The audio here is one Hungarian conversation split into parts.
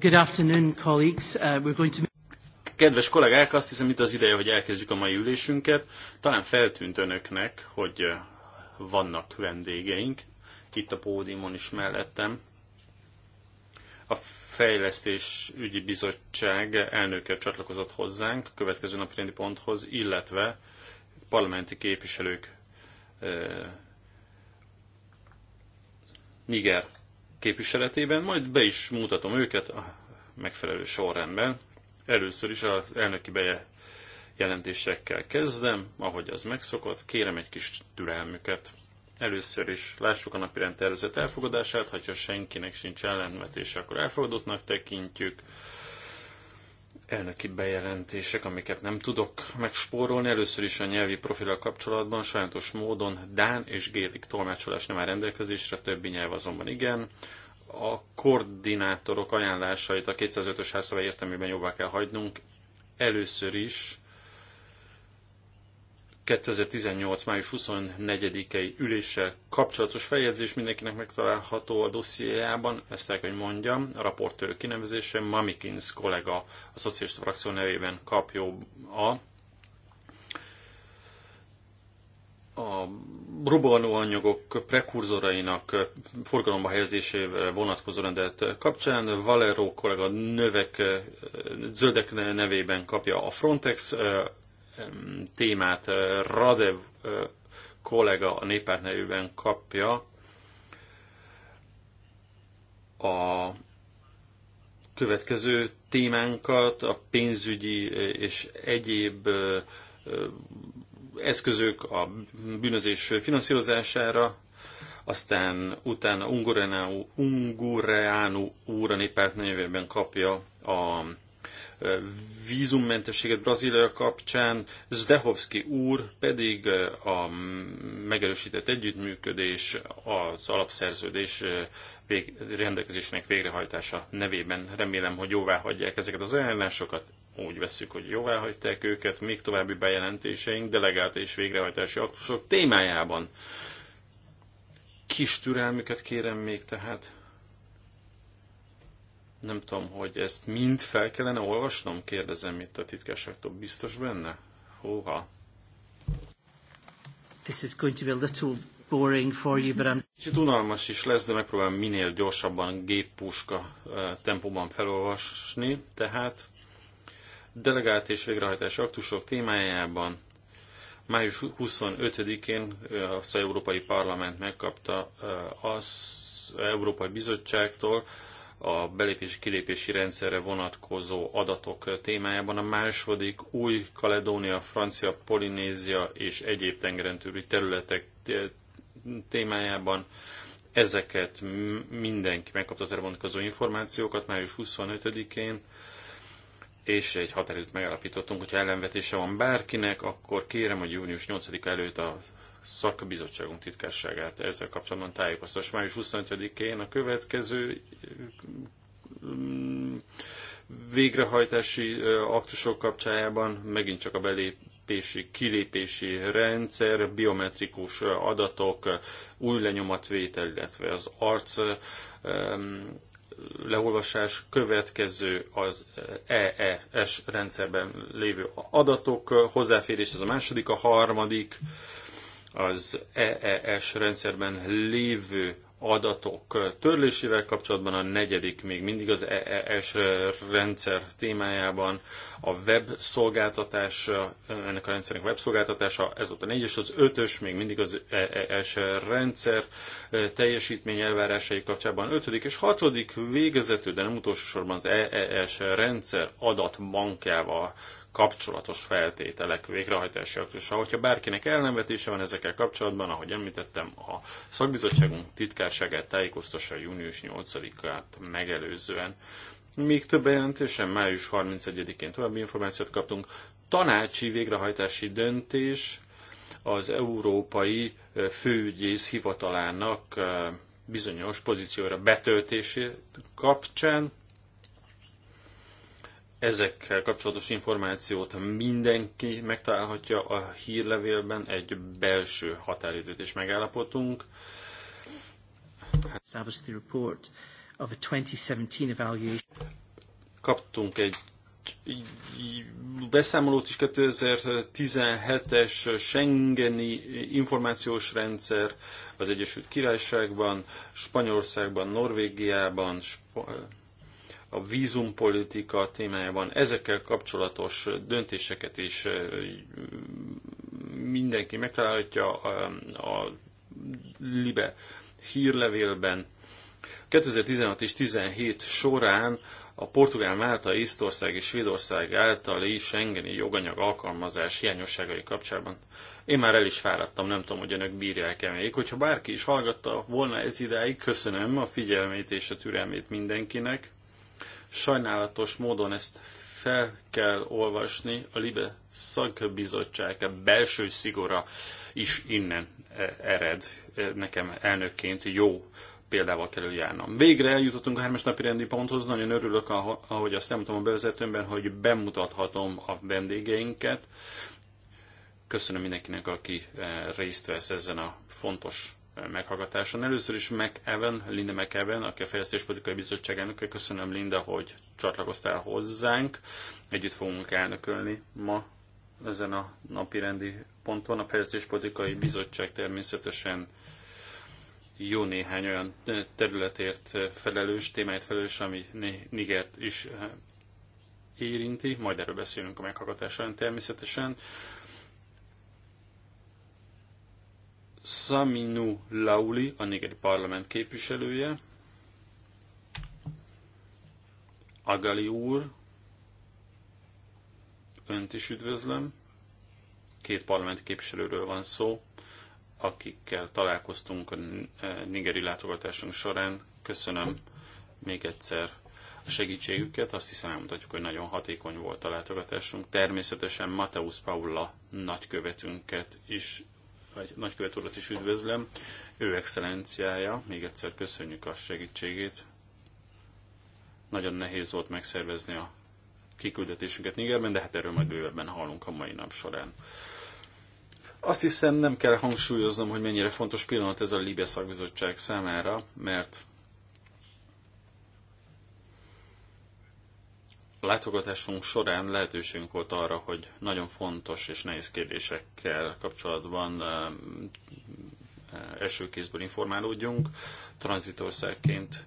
Good afternoon, colleagues. Uh, we're going to... Kedves kollégák, azt hiszem itt az ideje, hogy elkezdjük a mai ülésünket. Talán feltűnt önöknek, hogy uh, vannak vendégeink, itt a pódiumon is mellettem. A Fejlesztés Ügyi Bizottság elnöke csatlakozott hozzánk a következő napi rendi ponthoz, illetve parlamenti képviselők Niger uh, képviseletében, majd be is mutatom őket a megfelelő sorrendben. Először is az elnöki bejelentésekkel kezdem, ahogy az megszokott, kérem egy kis türelmüket. Először is lássuk a napirend tervezet elfogadását, ha senkinek sincs ellenvetése, akkor elfogadottnak tekintjük elnöki bejelentések, amiket nem tudok megspórolni. Először is a nyelvi profilral kapcsolatban sajátos módon Dán és Gélik tolmácsolás nem áll rendelkezésre, többi nyelv azonban igen. A koordinátorok ajánlásait a 205-ös házszabály értelmében jóvá kell hagynunk. Először is 2018. május 24-i üléssel kapcsolatos feljegyzés mindenkinek megtalálható a dossziéjában, ezt el kell, hogy mondjam, a raportőr kinevezése Mamikins kollega a szocialista frakció nevében kapja a a robbanóanyagok prekurzorainak forgalomba helyezésével vonatkozó rendelet kapcsán. Valero kollega növek, zöldek nevében kapja a Frontex témát Radev kollega a néppárt nevében kapja a következő témánkat, a pénzügyi és egyéb eszközök a bűnözés finanszírozására, aztán utána Ungureanu, Ungureanu úr a néppárt nevében kapja a vízummentességet Brazília kapcsán, Zdehovski úr pedig a megerősített együttműködés az alapszerződés rendelkezésének végrehajtása nevében. Remélem, hogy jóvá hagyják ezeket az ajánlásokat, úgy veszük, hogy jóvá hagyták őket, még további bejelentéseink, delegált és végrehajtási aktusok témájában. Kis türelmüket kérem még tehát. Nem tudom, hogy ezt mind fel kellene olvasnom, kérdezem itt a titkárságtól. Biztos benne? Hóha. This is going to be a little boring for you, but I'm... Kicsit unalmas is lesz, de megpróbálom minél gyorsabban géppuska tempóban felolvasni. Tehát delegált és végrehajtási aktusok témájában május 25-én az Európai Parlament megkapta az Európai Bizottságtól a belépési-kilépési rendszerre vonatkozó adatok témájában. A második új Kaledónia, Francia, Polinézia és egyéb tengeren túli területek témájában ezeket mindenki megkapta az erre vonatkozó információkat május 25-én, és egy határidőt megállapítottunk, hogyha ellenvetése van bárkinek, akkor kérem, hogy június 8 előtt a szakbizottságunk titkárságát ezzel kapcsolatban tájékoztass. Május 25-én a következő mm, végrehajtási aktusok kapcsájában megint csak a belépési, kilépési rendszer, biometrikus adatok, új lenyomatvétel, illetve az arc mm, leolvasás következő az EES rendszerben lévő adatok, hozzáférés ez a második, a harmadik, az EES rendszerben lévő adatok törlésével kapcsolatban a negyedik még mindig az EES rendszer témájában a web ennek a rendszernek web szolgáltatása, ez volt a négyes, az ötös még mindig az EES rendszer teljesítmény elvárásai kapcsában ötödik és hatodik végezető, de nem utolsó sorban az EES rendszer adatbankjával kapcsolatos feltételek végrehajtási És ha bárkinek ellenvetése van ezekkel kapcsolatban, ahogy említettem, a szakbizottságunk titkárságát tájékoztassa június 8-át megelőzően. Még több bejelentésen május 31-én további információt kaptunk. Tanácsi végrehajtási döntés az Európai Főügyész Hivatalának bizonyos pozícióra betöltését kapcsán Ezekkel kapcsolatos információt mindenki megtalálhatja a hírlevélben, egy belső határidőt is megállapotunk. Kaptunk egy beszámolót is 2017-es Schengeni információs rendszer az Egyesült Királyságban, Spanyolországban, Norvégiában, Sp- a vízumpolitika témájában ezekkel kapcsolatos döntéseket is mindenki megtalálhatja a, a Libe hírlevélben. 2016 és 17 során a Portugál, Málta, Észtország és Svédország is engeni joganyag alkalmazás hiányosságai kapcsolatban. Én már el is fáradtam, nem tudom, hogy önök bírják-e még. Hogyha bárki is hallgatta volna ez idáig, köszönöm a figyelmét és a türelmét mindenkinek. Sajnálatos módon ezt fel kell olvasni, a Libe szakbizottság belső szigora is innen e, ered. E, nekem elnökként jó példával kell járnom. Végre eljutottunk a hármas napi rendi ponthoz, nagyon örülök, ahogy azt elmondtam a bevezetőmben, hogy bemutathatom a vendégeinket. Köszönöm mindenkinek, aki e, részt vesz ezen a fontos meghallgatáson. Először is McEwen, Linda McEwen, aki a Fejlesztéspolitikai Bizottság elnöke. Köszönöm, Linda, hogy csatlakoztál hozzánk. Együtt fogunk elnökölni ma ezen a napi rendi ponton. A Fejlesztéspolitikai Bizottság természetesen jó néhány olyan területért felelős, témáért felelős, ami Nigert is érinti, majd erről beszélünk a meghallgatás természetesen. Saminu Lauli, a nigeri parlament képviselője, Agali úr, önt is üdvözlöm. Két parlament képviselőről van szó, akikkel találkoztunk a nigeri látogatásunk során. Köszönöm még egyszer a segítségüket. Azt hiszem elmutatjuk, hogy nagyon hatékony volt a látogatásunk. Természetesen Mateusz Paula nagykövetünket is nagy, nagykövet urat is üdvözlöm. Ő excellenciája, még egyszer köszönjük a segítségét. Nagyon nehéz volt megszervezni a kiküldetésünket Nigerben, de hát erről majd bővebben hallunk a mai nap során. Azt hiszem nem kell hangsúlyoznom, hogy mennyire fontos pillanat ez a Libia szakbizottság számára, mert A látogatásunk során lehetőségünk volt arra, hogy nagyon fontos és nehéz kérdésekkel kapcsolatban első kézből informálódjunk. Tranzitországként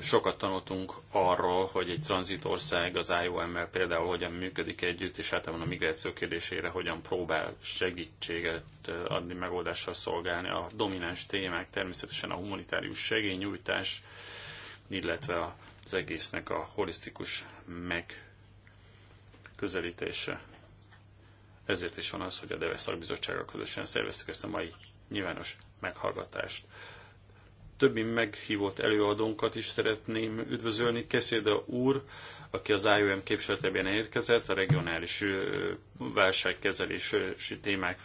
sokat tanultunk arról, hogy egy tranzitország az IOM-mel például hogyan működik együtt, és általában a migráció kérdésére hogyan próbál segítséget eh, adni, megoldással szolgálni. A domináns témák természetesen a humanitárius segélynyújtás, illetve az egésznek a holisztikus megközelítése. Ezért is van az, hogy a Deve Szakbizottsággal közösen szerveztük ezt a mai nyilvános meghallgatást többi meghívott előadónkat is szeretném üdvözölni. Keszéde úr, aki az IOM képviseletében érkezett, a regionális válságkezelési témák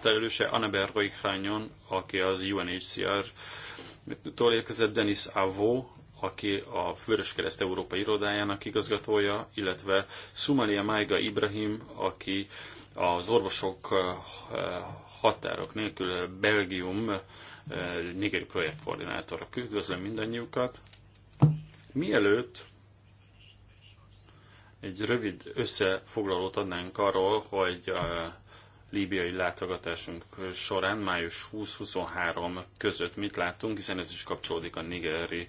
felelőse, Annabel Roikrányon, aki az UNHCR tól érkezett, Denis Avó, aki a Vöröskereszt Európai Irodájának igazgatója, illetve Szumalia Maiga Ibrahim, aki az orvosok eh, határok nélkül Belgium eh, nigeri projektkoordinátora. Üdvözlöm mindannyiukat! Mielőtt egy rövid összefoglalót adnánk arról, hogy a líbiai látogatásunk során május 20-23 között mit láttunk, hiszen ez is kapcsolódik a nigeri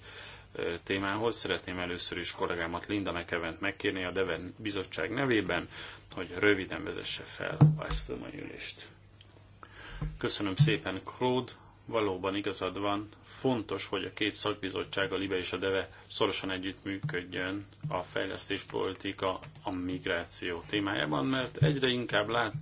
témához. Szeretném először is kollégámat Linda McEvent megkérni a Deven bizottság nevében, hogy röviden vezesse fel ezt a mai ülést. Köszönöm szépen, Claude. Valóban igazad van, fontos, hogy a két szakbizottság, a LIBE és a DEVE szorosan együttműködjön a fejlesztéspolitika, a migráció témájában, mert egyre inkább lát,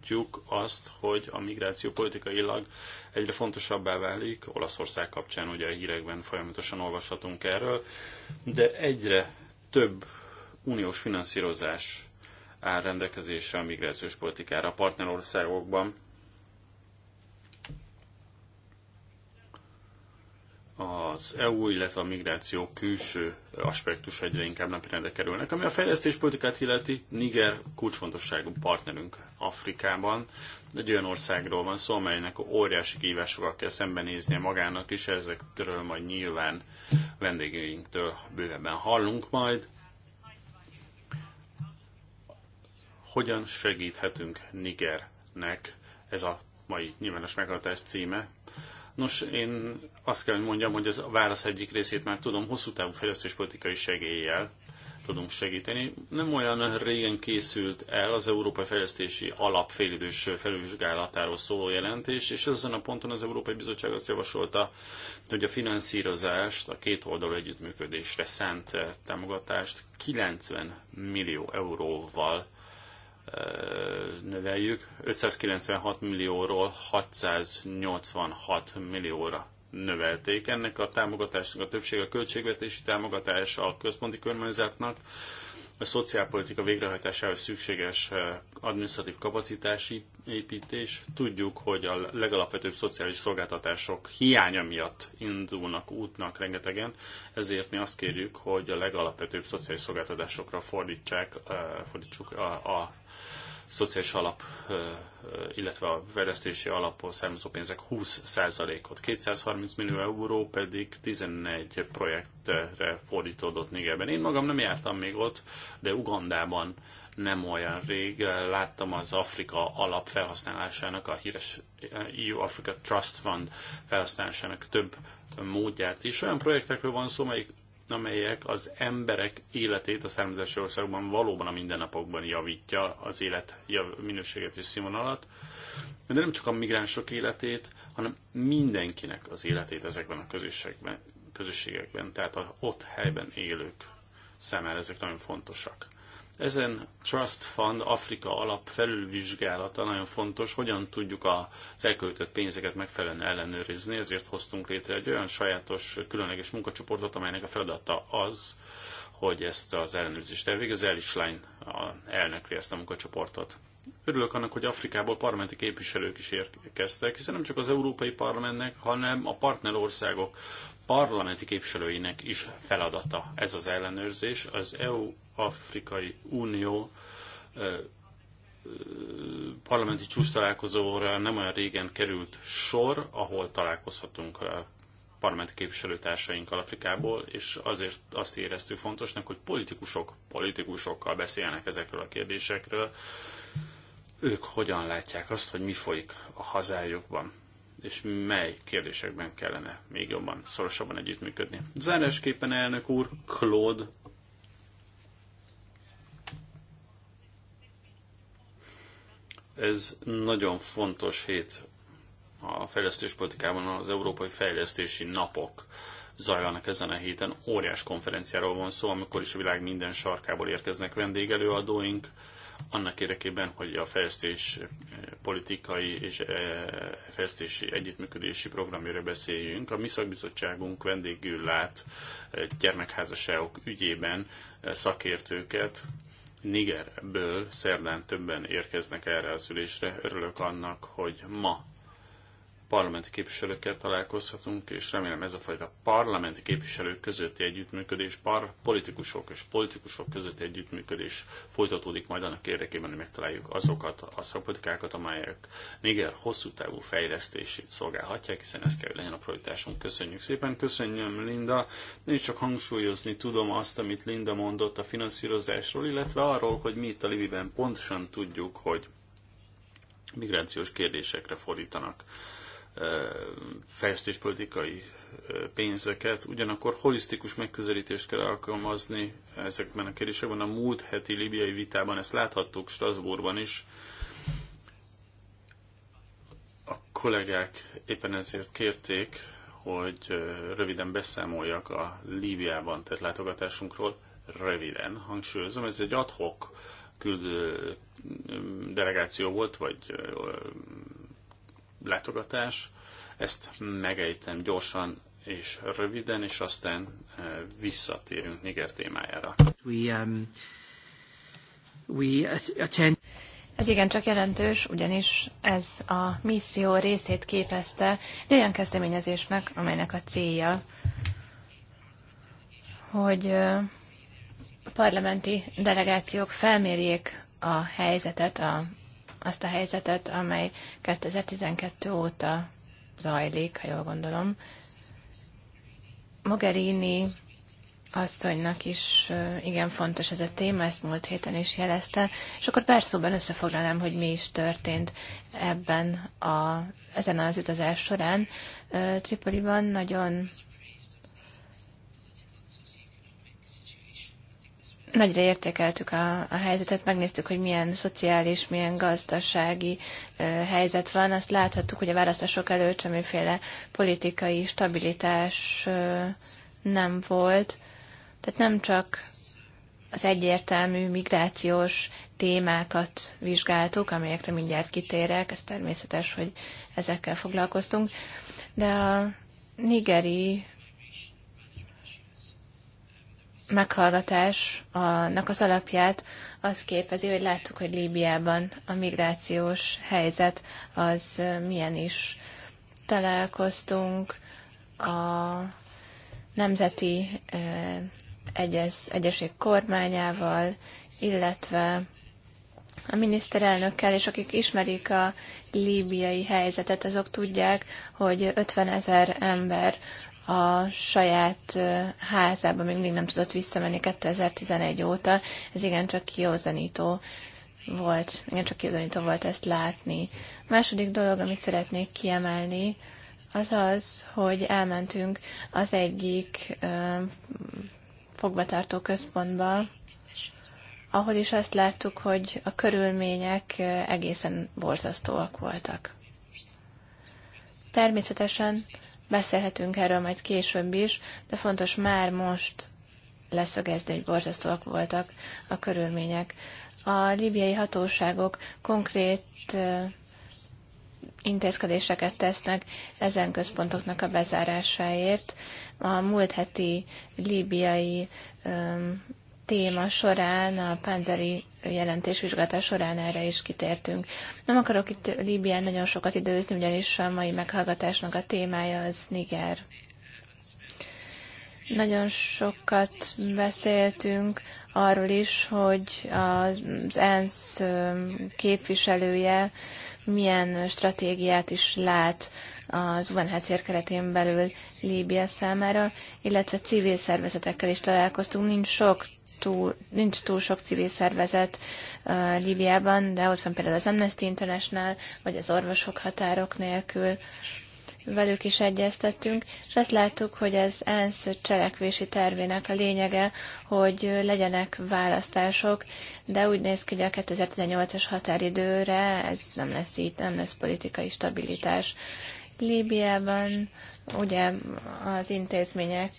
látjuk azt, hogy a migráció politikailag egyre fontosabbá válik. Olaszország kapcsán ugye a hírekben folyamatosan olvashatunk erről, de egyre több uniós finanszírozás áll rendelkezésre a migrációs politikára a partnerországokban az EU, illetve a migráció külső aspektus egyre inkább napirendre kerülnek. Ami a fejlesztéspolitikát illeti, Niger kulcsfontosságú partnerünk Afrikában. Egy olyan országról van szó, amelynek óriási kihívásokkal kell szembenéznie magának is, ezekről majd nyilván vendégeinktől bővebben hallunk majd. Hogyan segíthetünk Nigernek? Ez a mai nyilvános meghatás címe, Nos, én azt kell, hogy mondjam, hogy ez a válasz egyik részét már tudom, hosszú távú fejlesztéspolitikai segéllyel tudunk segíteni. Nem olyan régen készült el az Európai Fejlesztési Alap félidős felülvizsgálatáról szóló jelentés, és ezen a ponton az Európai Bizottság azt javasolta, hogy a finanszírozást, a két oldalú együttműködésre szánt támogatást 90 millió euróval növeljük. 596 millióról 686 millióra növelték ennek a támogatásnak a többsége a költségvetési támogatás a központi kormányzatnak, a szociálpolitika végrehajtásához szükséges eh, adminisztratív kapacitási építés. Tudjuk, hogy a legalapvetőbb szociális szolgáltatások hiánya miatt indulnak útnak rengetegen, ezért mi azt kérjük, hogy a legalapvetőbb szociális szolgáltatásokra fordítsák, eh, fordítsuk a, a szociális alap, illetve a fejlesztési alapból származó pénzek 20%-ot, 230 millió euró pedig 11 projektre fordítódott Nigerben. Én magam nem jártam még ott, de Ugandában nem olyan rég láttam az Afrika alap felhasználásának, a híres EU eh, Africa Trust Fund felhasználásának több módját is. Olyan projektekről van szó, melyik amelyek az emberek életét a származási országban valóban a mindennapokban javítja az élet minőséget és színvonalat, de nem csak a migránsok életét, hanem mindenkinek az életét ezekben a közösségekben, közösségekben tehát a ott helyben élők számára ezek nagyon fontosak. Ezen Trust Fund Afrika alap felülvizsgálata nagyon fontos, hogyan tudjuk az elköltött pénzeket megfelelően ellenőrizni, ezért hoztunk létre egy olyan sajátos, különleges munkacsoportot, amelynek a feladata az, hogy ezt az ellenőrzést az Elis Line elnökli ezt a munkacsoportot. Örülök annak, hogy Afrikából parlamenti képviselők is érkeztek, hiszen nem csak az Európai Parlamentnek, hanem a partnerországok parlamenti képviselőinek is feladata ez az ellenőrzés. Az EU Afrikai Unió parlamenti csúcs találkozóra nem olyan régen került sor, ahol találkozhatunk a parlamenti képviselőtársainkkal Afrikából, és azért azt éreztük fontosnak, hogy politikusok politikusokkal beszélnek ezekről a kérdésekről, ők hogyan látják azt, hogy mi folyik a hazájukban, és mely kérdésekben kellene még jobban, szorosabban együttműködni. Zárásképpen elnök úr, Claude Ez nagyon fontos hét a fejlesztéspolitikában, az Európai Fejlesztési Napok zajlanak ezen a héten. Óriás konferenciáról van szó, amikor is a világ minden sarkából érkeznek vendégelőadóink, annak érdekében, hogy a fejlesztés eh, politikai és eh, fejlesztési együttműködési programjára beszéljünk. A mi szakbizottságunk vendégül lát gyermekházasságok ügyében eh, szakértőket, Nigerből szerdán többen érkeznek erre a szülésre. Örülök annak, hogy ma parlamenti képviselőkkel találkozhatunk, és remélem ez a fajta parlamenti képviselők közötti együttműködés, par politikusok és politikusok közötti együttműködés folytatódik majd annak érdekében, hogy megtaláljuk azokat a szakpolitikákat, amelyek Niger hosszú távú fejlesztését szolgálhatják, hiszen ez kell, hogy legyen a prioritásunk. Köszönjük szépen, köszönjöm Linda. Én csak hangsúlyozni tudom azt, amit Linda mondott a finanszírozásról, illetve arról, hogy mi itt a Libiben pontosan tudjuk, hogy migrációs kérdésekre fordítanak fejlesztéspolitikai pénzeket, ugyanakkor holisztikus megközelítést kell alkalmazni ezekben a kérdésekben. A múlt heti libiai vitában ezt láthattuk Strasbourgban is. A kollégák éppen ezért kérték, hogy röviden beszámoljak a Líbiában tett látogatásunkról. Röviden, hangsúlyozom, ez egy adhok küld delegáció volt, vagy letogatás. Ezt megejtem gyorsan és röviden, és aztán eh, visszatérünk Niger témájára. We, um, we attend... Ez igen csak jelentős, ugyanis ez a misszió részét képezte egy olyan kezdeményezésnek, amelynek a célja, hogy a eh, parlamenti delegációk felmérjék a helyzetet a azt a helyzetet, amely 2012 óta zajlik, ha jól gondolom. Mogherini asszonynak is igen fontos ez a téma, ezt múlt héten is jelezte, és akkor perszóban összefoglalnám, hogy mi is történt ebben a, ezen az utazás során. Tripoliban nagyon nagyra értékeltük a, a helyzetet, megnéztük, hogy milyen szociális, milyen gazdasági ö, helyzet van. Azt láthattuk, hogy a választások előtt semmiféle politikai stabilitás ö, nem volt. Tehát nem csak az egyértelmű migrációs témákat vizsgáltuk, amelyekre mindjárt kitérek, ez természetes, hogy ezekkel foglalkoztunk, de a nigeri meghallgatásnak az alapját az képezi, hogy láttuk, hogy Líbiában a migrációs helyzet az milyen is. Találkoztunk a Nemzeti egyes Egyeség kormányával, illetve a miniszterelnökkel, és akik ismerik a líbiai helyzetet, azok tudják, hogy 50 ezer ember a saját házába még mindig nem tudott visszamenni 2011 óta. Ez igencsak kiózanító volt, igencsak kiózanító volt ezt látni. A második dolog, amit szeretnék kiemelni, az az, hogy elmentünk az egyik fogvatartó központba, ahol is azt láttuk, hogy a körülmények egészen borzasztóak voltak. Természetesen Beszélhetünk erről majd később is, de fontos már most leszögezni, hogy borzasztóak voltak a körülmények. A libiai hatóságok konkrét intézkedéseket tesznek ezen központoknak a bezárásáért. A múlt heti líbiai téma során a Panzeri jelentés vizsgálata során erre is kitértünk. Nem akarok itt Líbián nagyon sokat időzni, ugyanis a mai meghallgatásnak a témája az Niger. Nagyon sokat beszéltünk arról is, hogy az ENSZ képviselője milyen stratégiát is lát az UNHCR keretén belül Líbia számára, illetve civil szervezetekkel is találkoztunk. Nincs sok túl, nincs túl sok civil szervezet uh, Líbiában, de ott van például az Amnesty International, vagy az Orvosok Határok Nélkül. Uh, velük is egyeztettünk, és azt láttuk, hogy az ENSZ cselekvési tervének a lényege, hogy legyenek választások, de úgy néz ki, hogy a 2018-as határidőre ez nem lesz így, nem lesz politikai stabilitás. Líbiában ugye az intézmények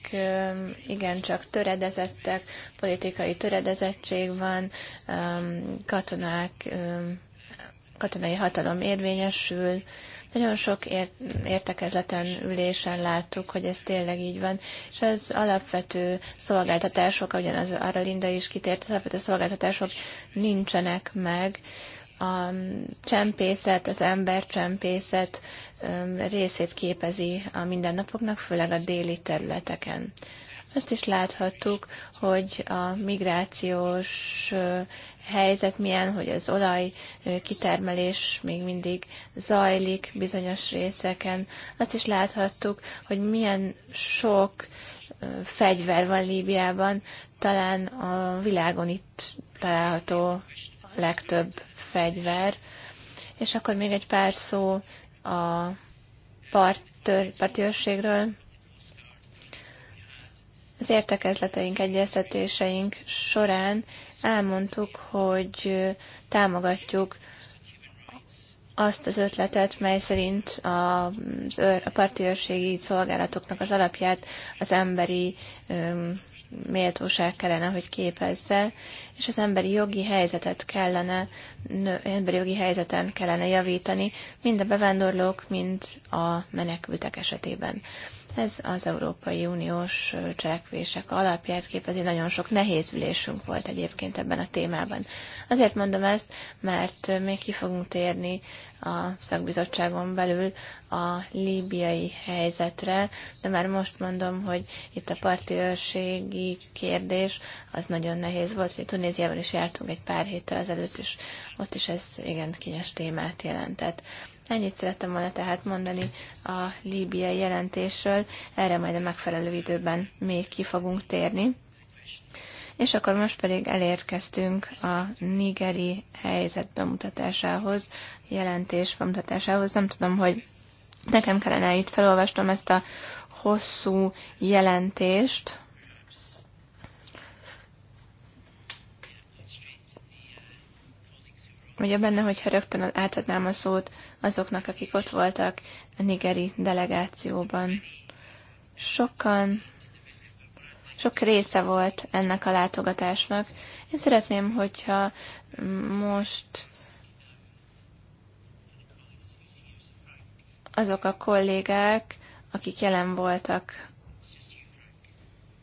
igencsak töredezettek, politikai töredezettség van, katonák, katonai hatalom érvényesül, nagyon sok értekezleten, ülésen láttuk, hogy ez tényleg így van, és az alapvető szolgáltatások, ugyanaz arra Linda is kitért, az alapvető szolgáltatások nincsenek meg, a mm, csempészet, az ember csempészet mm, részét képezi a mindennapoknak, főleg a déli területeken. Azt is láthattuk, hogy a migrációs helyzet milyen, hogy az olaj kitermelés még mindig zajlik bizonyos részeken. Azt is láthattuk, hogy milyen sok fegyver van Líbiában, talán a világon itt található legtöbb fegyver. És akkor még egy pár szó a partőr, partőrségről. Az értekezleteink, egyeztetéseink során elmondtuk, hogy támogatjuk azt az ötletet, mely szerint a, a partiőrségi szolgálatoknak az alapját az emberi öm, méltóság kellene, hogy képezze, és az emberi jogi helyzetet kellene, emberi jogi helyzeten kellene javítani, mind a bevándorlók, mind a menekültek esetében. Ez az Európai Uniós cselekvések alapját képezi. Nagyon sok nehéz ülésünk volt egyébként ebben a témában. Azért mondom ezt, mert még ki fogunk térni a szakbizottságon belül a líbiai helyzetre, de már most mondom, hogy itt a parti őrségi kérdés az nagyon nehéz volt, hogy Tunéziával is jártunk egy pár héttel ezelőtt, és ott is ez igen kényes témát jelentett. Ennyit szerettem volna tehát mondani a líbiai jelentésről, erre majd a megfelelő időben még ki fogunk térni. És akkor most pedig elérkeztünk a nigeri helyzet bemutatásához, jelentés bemutatásához. Nem tudom, hogy nekem kellene itt felolvasnom ezt a hosszú jelentést, Ugye benne, hogyha rögtön átadnám a szót azoknak, akik ott voltak a nigeri delegációban. Sokan, sok része volt ennek a látogatásnak. Én szeretném, hogyha most azok a kollégák, akik jelen voltak,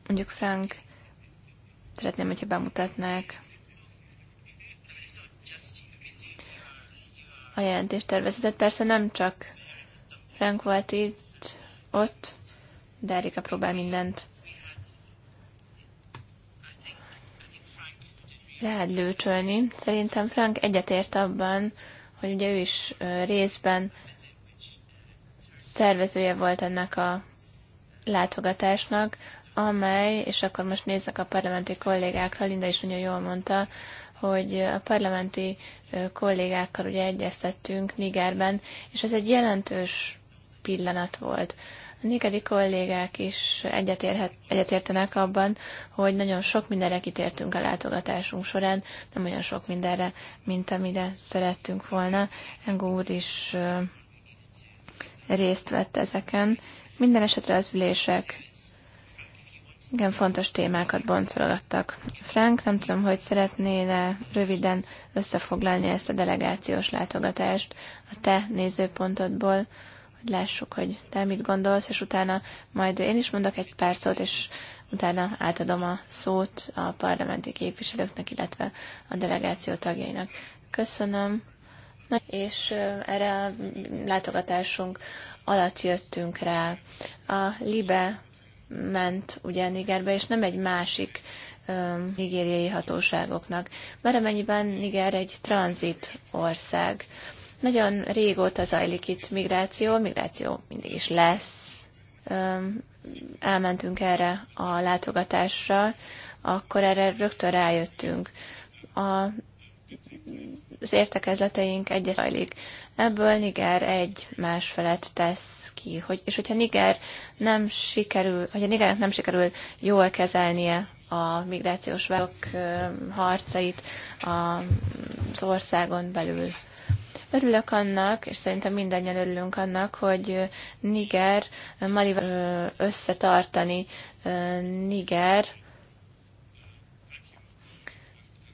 mondjuk Frank, szeretném, hogyha bemutatnák a jelentéstervezetet. Persze nem csak Frank volt itt, ott, de Erika próbál mindent lőcsölni. Szerintem Frank egyetért abban, hogy ugye ő is részben szervezője volt ennek a látogatásnak, amely, és akkor most nézzek a parlamenti kollégákra, Linda is nagyon jól mondta, hogy a parlamenti kollégákkal ugye egyeztettünk Nigerben, és ez egy jelentős pillanat volt. A nigeri kollégák is egyetértenek abban, hogy nagyon sok mindenre kitértünk a látogatásunk során, nem olyan sok mindenre, mint amire szerettünk volna. Engó úr is részt vett ezeken. Minden esetre az ülések igen, fontos témákat boncolgattak. Frank, nem tudom, hogy szeretnél röviden összefoglalni ezt a delegációs látogatást a te nézőpontodból, hogy lássuk, hogy te mit gondolsz, és utána majd én is mondok egy pár szót, és utána átadom a szót a parlamenti képviselőknek, illetve a delegáció tagjainak. Köszönöm. Na, és erre a látogatásunk alatt jöttünk rá. A LIBE ment ugye Nigerbe, és nem egy másik um, nigériai hatóságoknak. mert amennyiben Niger egy tranzit ország. Nagyon régóta zajlik itt migráció, migráció mindig is lesz. Um, elmentünk erre a látogatásra, akkor erre rögtön rájöttünk. A az értekezleteink egyes zajlik. Ebből Niger egy más felett tesz ki, hogy, és hogyha Niger nem sikerül, hogyha Nigernek nem sikerül jól kezelnie a migrációs válok harcait az országon belül. Örülök annak, és szerintem mindannyian örülünk annak, hogy Niger Malival összetartani Niger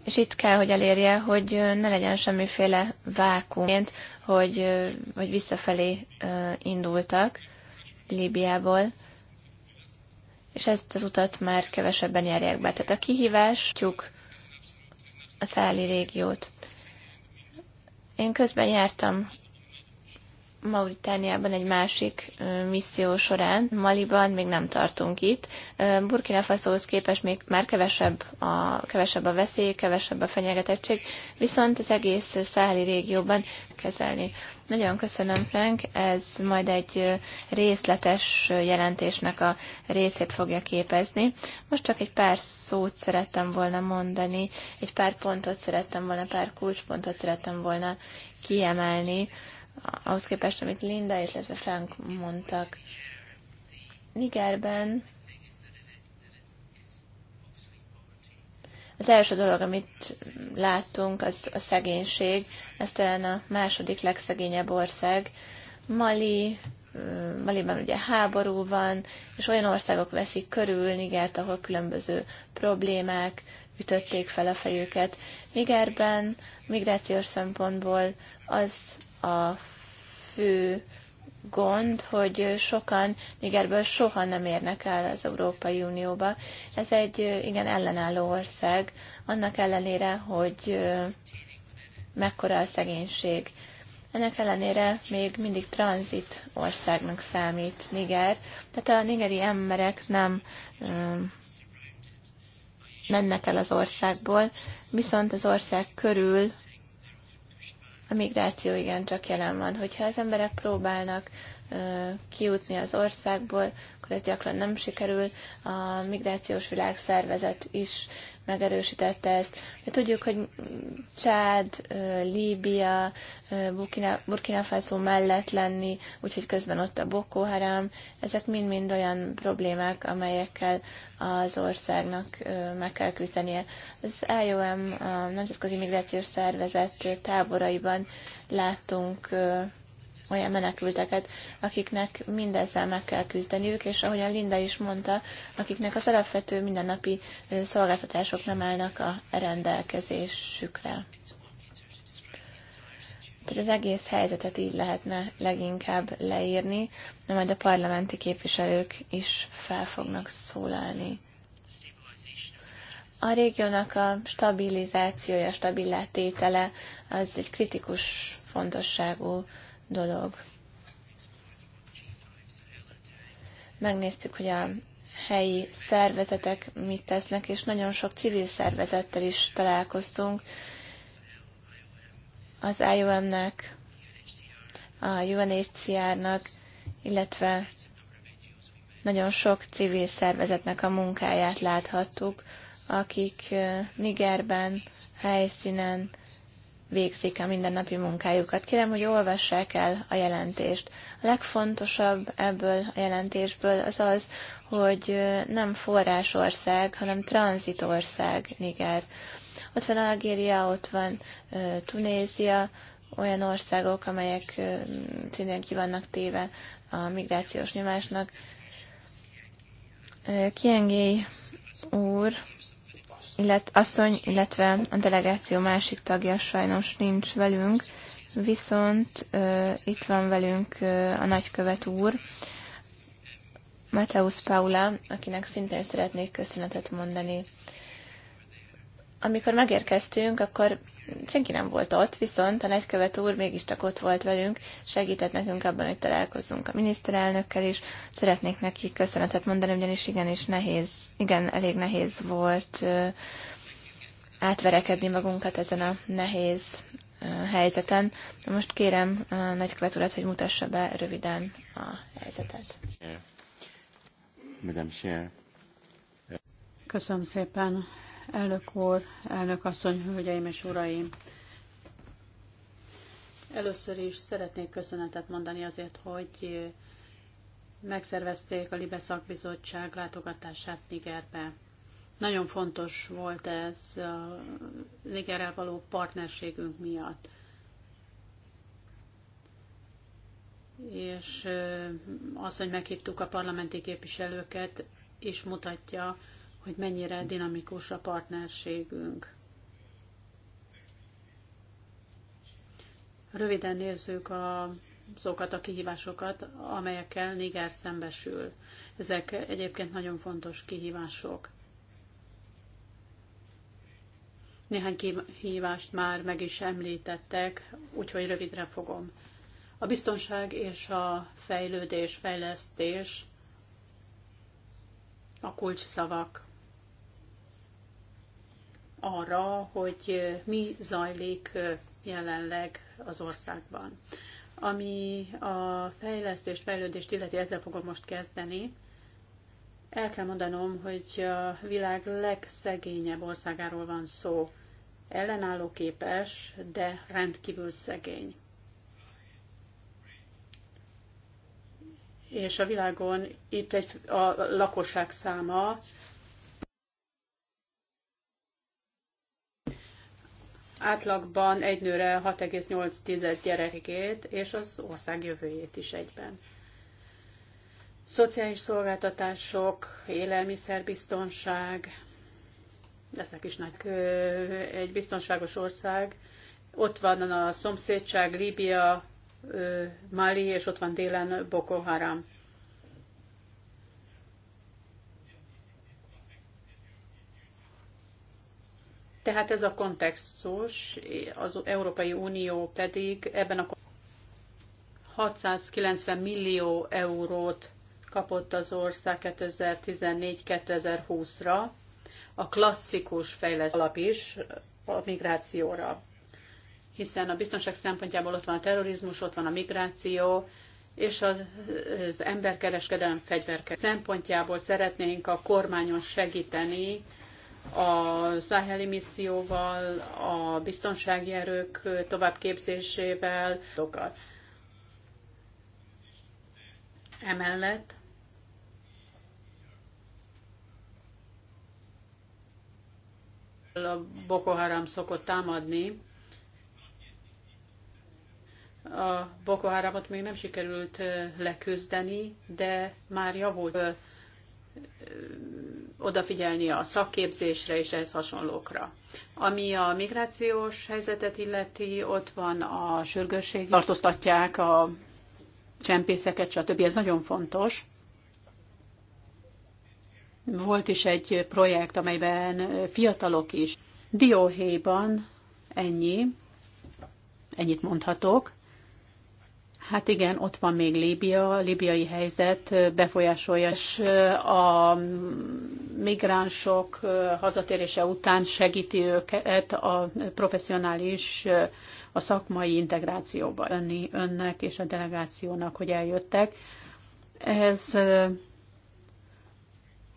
és itt kell, hogy elérje, hogy ne legyen semmiféle vákumként, hogy, hogy visszafelé indultak Líbiából, és ezt az utat már kevesebben járják be. Tehát a kihívástjuk a száli régiót. Én közben jártam Mauritániában egy másik misszió során, Maliban még nem tartunk itt. Burkina Faszóhoz képest még már kevesebb a, kevesebb a veszély, kevesebb a fenyegetettség, viszont az egész száli régióban kezelni. Nagyon köszönöm, Frank, ez majd egy részletes jelentésnek a részét fogja képezni. Most csak egy pár szót szerettem volna mondani, egy pár pontot szerettem volna, pár kulcspontot szerettem volna kiemelni, ahhoz képest, amit Linda, illetve Frank mondtak. Nigerben az első dolog, amit láttunk, az a szegénység. Ez talán a második legszegényebb ország. Mali, mm, Maliban ugye háború van, és olyan országok veszik körül Nigert, ahol különböző problémák ütötték fel a fejüket. Nigerben migrációs szempontból az a fő gond, hogy sokan Nigerből soha nem érnek el az Európai Unióba. Ez egy igen ellenálló ország, annak ellenére, hogy mekkora a szegénység. Ennek ellenére még mindig tranzit országnak számít Niger, tehát a nigeri emberek nem mennek el az országból, viszont az ország körül a migráció igencsak jelen van. Hogyha az emberek próbálnak kijutni az országból, akkor ez gyakran nem sikerül. A Migrációs Világszervezet is megerősítette ezt. De tudjuk, hogy Csád, Líbia, Burkina, Burkina Faso mellett lenni, úgyhogy közben ott a Boko Haram, ezek mind-mind olyan problémák, amelyekkel az országnak meg kell küzdenie. Az IOM, a Nemzetközi Migrációs Szervezet táboraiban láttunk olyan menekülteket, akiknek mindezzel meg kell küzdeniük, és ahogy a Linda is mondta, akiknek az alapvető mindennapi szolgáltatások nem állnak a rendelkezésükre. Tehát az egész helyzetet így lehetne leginkább leírni, de majd a parlamenti képviselők is fel fognak szólalni. A régiónak a stabilizációja, stabil az egy kritikus fontosságú dolog. Megnéztük, hogy a helyi szervezetek mit tesznek, és nagyon sok civil szervezettel is találkoztunk. Az IOM-nek, a UNHCR-nak, illetve nagyon sok civil szervezetnek a munkáját láthattuk, akik Nigerben, helyszínen végzik a mindennapi munkájukat. Kérem, hogy olvassák el a jelentést. A legfontosabb ebből a jelentésből az az, hogy nem forrásország, hanem tranzitország Niger. Ott van Algéria, ott van Tunézia, olyan országok, amelyek szintén ki vannak téve a migrációs nyomásnak. Kiengéi úr illet, asszony, illetve a delegáció másik tagja sajnos nincs velünk, viszont uh, itt van velünk uh, a nagykövet úr, Mateusz Paula, akinek szintén szeretnék köszönetet mondani. Amikor megérkeztünk, akkor senki nem volt ott, viszont a nagykövet úr mégiscsak ott volt velünk, segített nekünk abban, hogy találkozzunk a miniszterelnökkel is. Szeretnék neki köszönetet mondani, ugyanis igenis nehéz, igen, elég nehéz volt átverekedni magunkat ezen a nehéz helyzeten. Most kérem a nagykövet urat, hogy mutassa be röviden a helyzetet. Madame Köszönöm szépen, Elnök úr, elnök asszony, hölgyeim és uraim! Először is szeretnék köszönetet mondani azért, hogy megszervezték a Libe szakbizottság látogatását Nigerbe. Nagyon fontos volt ez a Nigerrel való partnerségünk miatt. És az, hogy meghívtuk a parlamenti képviselőket, is mutatja, hogy mennyire dinamikus a partnerségünk. Röviden nézzük a azokat a kihívásokat, amelyekkel Niger szembesül. Ezek egyébként nagyon fontos kihívások. Néhány kihívást már meg is említettek, úgyhogy rövidre fogom. A biztonság és a fejlődés, fejlesztés a kulcs szavak arra, hogy mi zajlik jelenleg az országban. Ami a fejlesztést, fejlődést illeti, ezzel fogom most kezdeni. El kell mondanom, hogy a világ legszegényebb országáról van szó. Ellenálló képes, de rendkívül szegény. És a világon itt egy, a lakosság száma átlagban egy nőre 6,8 gyerekét, és az ország jövőjét is egyben. Szociális szolgáltatások, élelmiszerbiztonság, ezek is nagy, egy biztonságos ország. Ott van a szomszédság, Líbia, Mali, és ott van délen Boko Haram. Tehát ez a kontextus, az Európai Unió pedig ebben a 690 millió eurót kapott az ország 2014-2020-ra, a klasszikus fejlesztés alap is a migrációra. Hiszen a biztonság szempontjából ott van a terrorizmus, ott van a migráció, és az emberkereskedelem fegyverkereskedelem szempontjából szeretnénk a kormányon segíteni, a Száheli misszióval, a biztonsági erők továbbképzésével. Emellett a Boko Haram szokott támadni. A Boko Haramot még nem sikerült leküzdeni, de már javult odafigyelni a szakképzésre és ehhez hasonlókra. Ami a migrációs helyzetet illeti, ott van a sürgősség, tartóztatják a csempészeket, stb. Ez nagyon fontos. Volt is egy projekt, amelyben fiatalok is. Dióhéjban ennyi, ennyit mondhatok. Hát igen, ott van még Líbia, a líbiai helyzet befolyásolja, és a migránsok hazatérése után segíti őket a professzionális, a szakmai integrációba. Önni önnek és a delegációnak, hogy eljöttek. Ez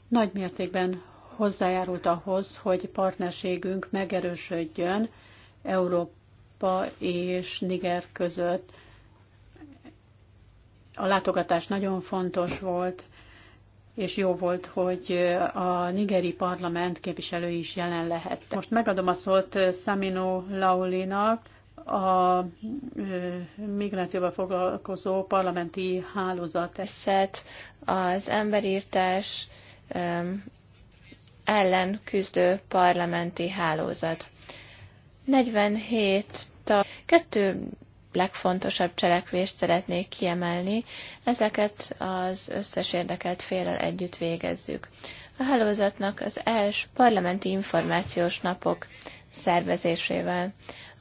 nagy mértékben hozzájárult ahhoz, hogy partnerségünk megerősödjön Európa és Niger között. A látogatás nagyon fontos volt, és jó volt, hogy a nigeri parlament képviselői is jelen lehet. Most megadom a szót Samino Laulinak, a migrációval foglalkozó parlamenti hálózat. Az emberírtás ellen küzdő parlamenti hálózat. 47 tag, kettő legfontosabb cselekvést szeretnék kiemelni. Ezeket az összes érdekelt félel együtt végezzük. A hálózatnak az első parlamenti információs napok szervezésével.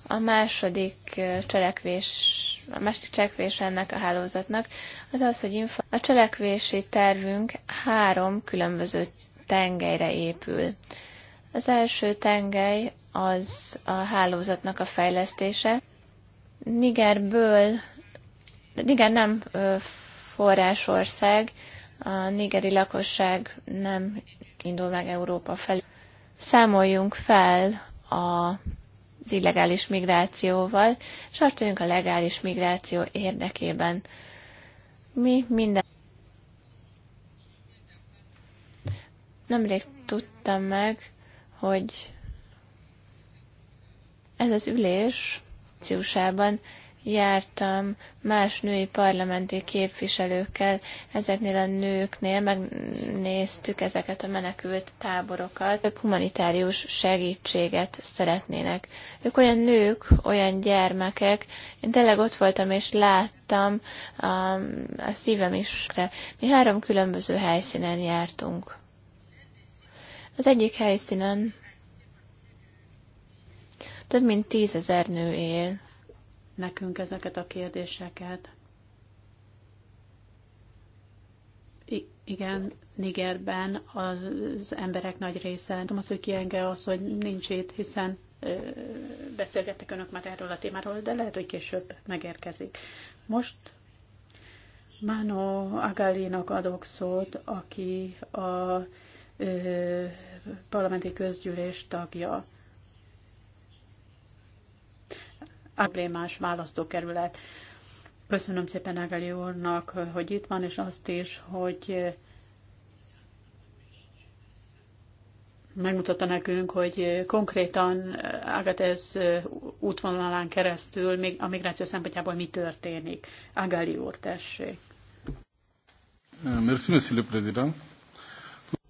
A második cselekvés a másik cselekvés ennek a hálózatnak, az az, hogy a cselekvési tervünk három különböző tengelyre épül. Az első tengely az a hálózatnak a fejlesztése, Nigerből, Niger nem forrásország, a nigeri lakosság nem indul meg Európa felé. Számoljunk fel a az illegális migrációval, és a legális migráció érdekében. Mi minden. Nemrég tudtam meg, hogy ez az ülés márciusában jártam más női parlamenti képviselőkkel, ezeknél a nőknél megnéztük ezeket a menekült táborokat, több humanitárius segítséget szeretnének. Ők olyan nők, olyan gyermekek, én tényleg ott voltam és láttam, a, a szívem is. Mi három különböző helyszínen jártunk. Az egyik helyszínen több mint tízezer nő él. Nekünk ezeket a kérdéseket. I- igen, Nigerben az emberek nagy része, nem az, hogy kienge az, hogy nincs itt, hiszen ö, beszélgettek önök már erről a témáról, de lehet, hogy később megérkezik. Most Mano Agalinak adok szót, aki a ö, parlamenti közgyűlés tagja. problémás választókerület. Köszönöm szépen Ágeli úrnak, hogy itt van, és azt is, hogy megmutatta nekünk, hogy konkrétan ez útvonalán keresztül még a migráció szempontjából mi történik. Ágeli úr, tessék. Merci, monsieur le président.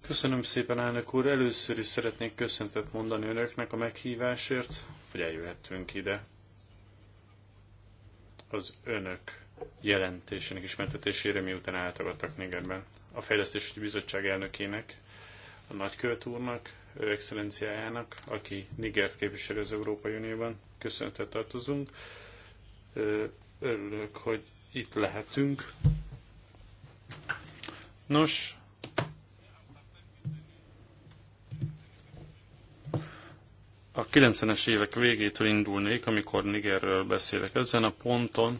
Köszönöm szépen, elnök úr. Először is szeretnék köszöntet mondani önöknek a meghívásért, hogy eljöhettünk ide az önök jelentésének ismertetésére, miután eltagadtak ebben A Fejlesztési Bizottság elnökének, a nagykövet úrnak, ő excellenciájának, aki Nigert képviseli az Európai Unióban, köszönetet tartozunk. Örülök, hogy itt lehetünk. Nos, a 90-es évek végétől indulnék, amikor Nigerről beszélek. Ezen a ponton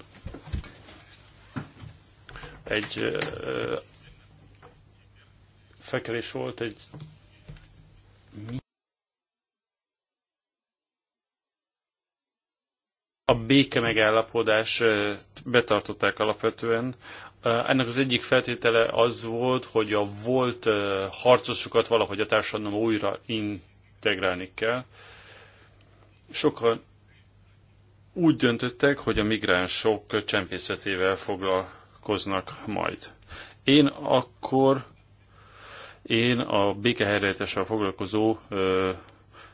egy fekelés volt, egy a béke megállapodás betartották alapvetően. Ennek az egyik feltétele az volt, hogy a volt harcosokat valahogy a társadalom újra integrálni kell. Sokan úgy döntöttek, hogy a migránsok csempészetével foglalkoznak majd. Én akkor én a békehelyreállítással foglalkozó ö,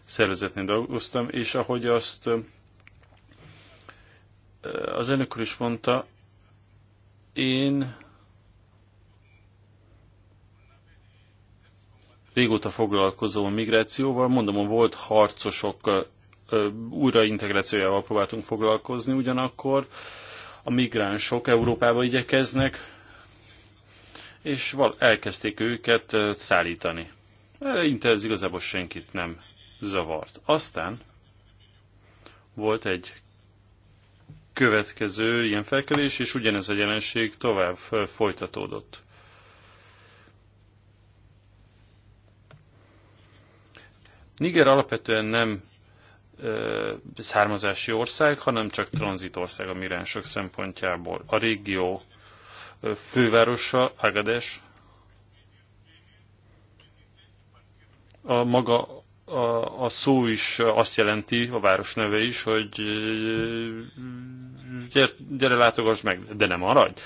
szervezetnél dolgoztam, és ahogy azt ö, az elnök úr is mondta, én régóta foglalkozom migrációval, mondom, hogy volt harcosok újraintegrációjával próbáltunk foglalkozni, ugyanakkor a migránsok Európába igyekeznek, és elkezdték őket szállítani. Eleinte ez igazából senkit nem zavart. Aztán volt egy következő ilyen felkelés, és ugyanez a jelenség tovább folytatódott. Niger alapvetően nem származási ország, hanem csak tranzitország a migránsok szempontjából. A régió fővárosa, Agades, a maga a, a szó is azt jelenti, a város neve is, hogy gyere, gyere látogass meg, de nem maradj.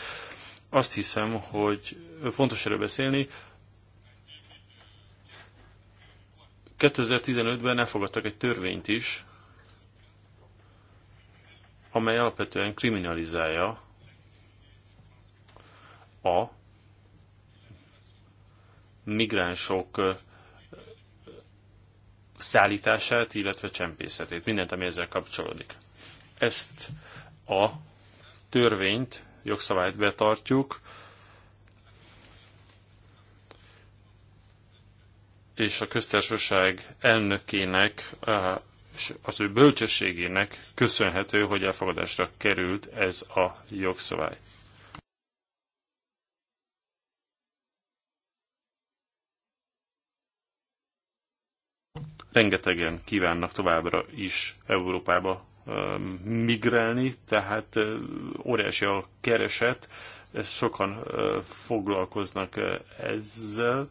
Azt hiszem, hogy fontos erről beszélni, 2015-ben elfogadtak egy törvényt is, amely alapvetően kriminalizálja a migránsok szállítását, illetve csempészetét, mindent, ami ezzel kapcsolódik. Ezt a törvényt, jogszabályt betartjuk, és a köztársaság elnökének, az ő bölcsességének köszönhető, hogy elfogadásra került ez a jogszabály. Rengetegen kívánnak továbbra is Európába migrálni, tehát óriási a kereset, sokan foglalkoznak ezzel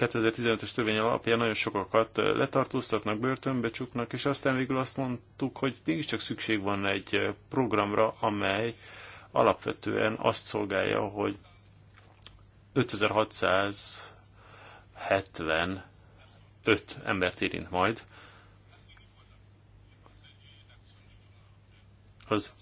a 2015-ös törvény alapján nagyon sokakat eh, letartóztatnak, börtönbe csuknak, és aztán végül azt mondtuk, hogy mégiscsak szükség van egy eh, programra, amely alapvetően azt szolgálja, hogy 5675 embert érint majd. Az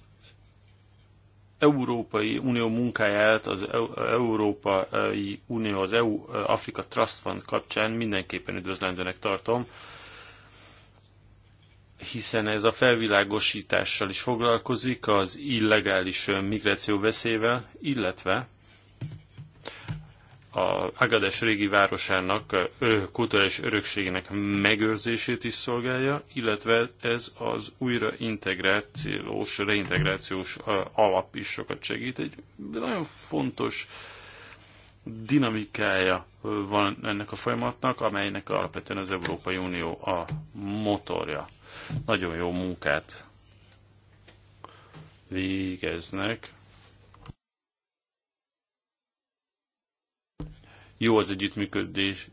Európai Unió munkáját az Európai Unió, az EU Afrika Trust Fund kapcsán mindenképpen üdvözlendőnek tartom, hiszen ez a felvilágosítással is foglalkozik, az illegális migráció veszélyével, illetve a Agades régi városának kulturális örökségének megőrzését is szolgálja, illetve ez az újraintegrációs, reintegrációs alap is sokat segít. Egy nagyon fontos dinamikája van ennek a folyamatnak, amelynek alapvetően az Európai Unió a motorja. Nagyon jó munkát végeznek jó az együttműködés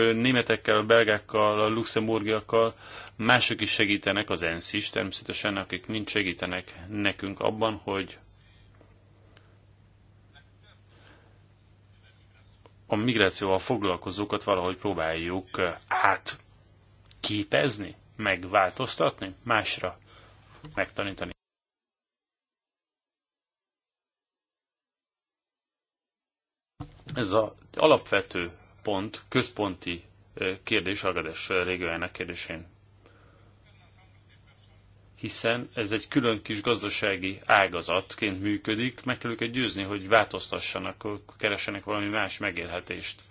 németekkel, belgákkal, a luxemburgiakkal, mások is segítenek, az ENSZ is természetesen, akik mind segítenek nekünk abban, hogy a migrációval foglalkozókat valahogy próbáljuk átképezni, megváltoztatni, másra megtanítani. Ez az alapvető pont, központi kérdés Agades régiójának kérdésén. Hiszen ez egy külön kis gazdasági ágazatként működik, meg kell őket győzni, hogy változtassanak, keresenek valami más megélhetést.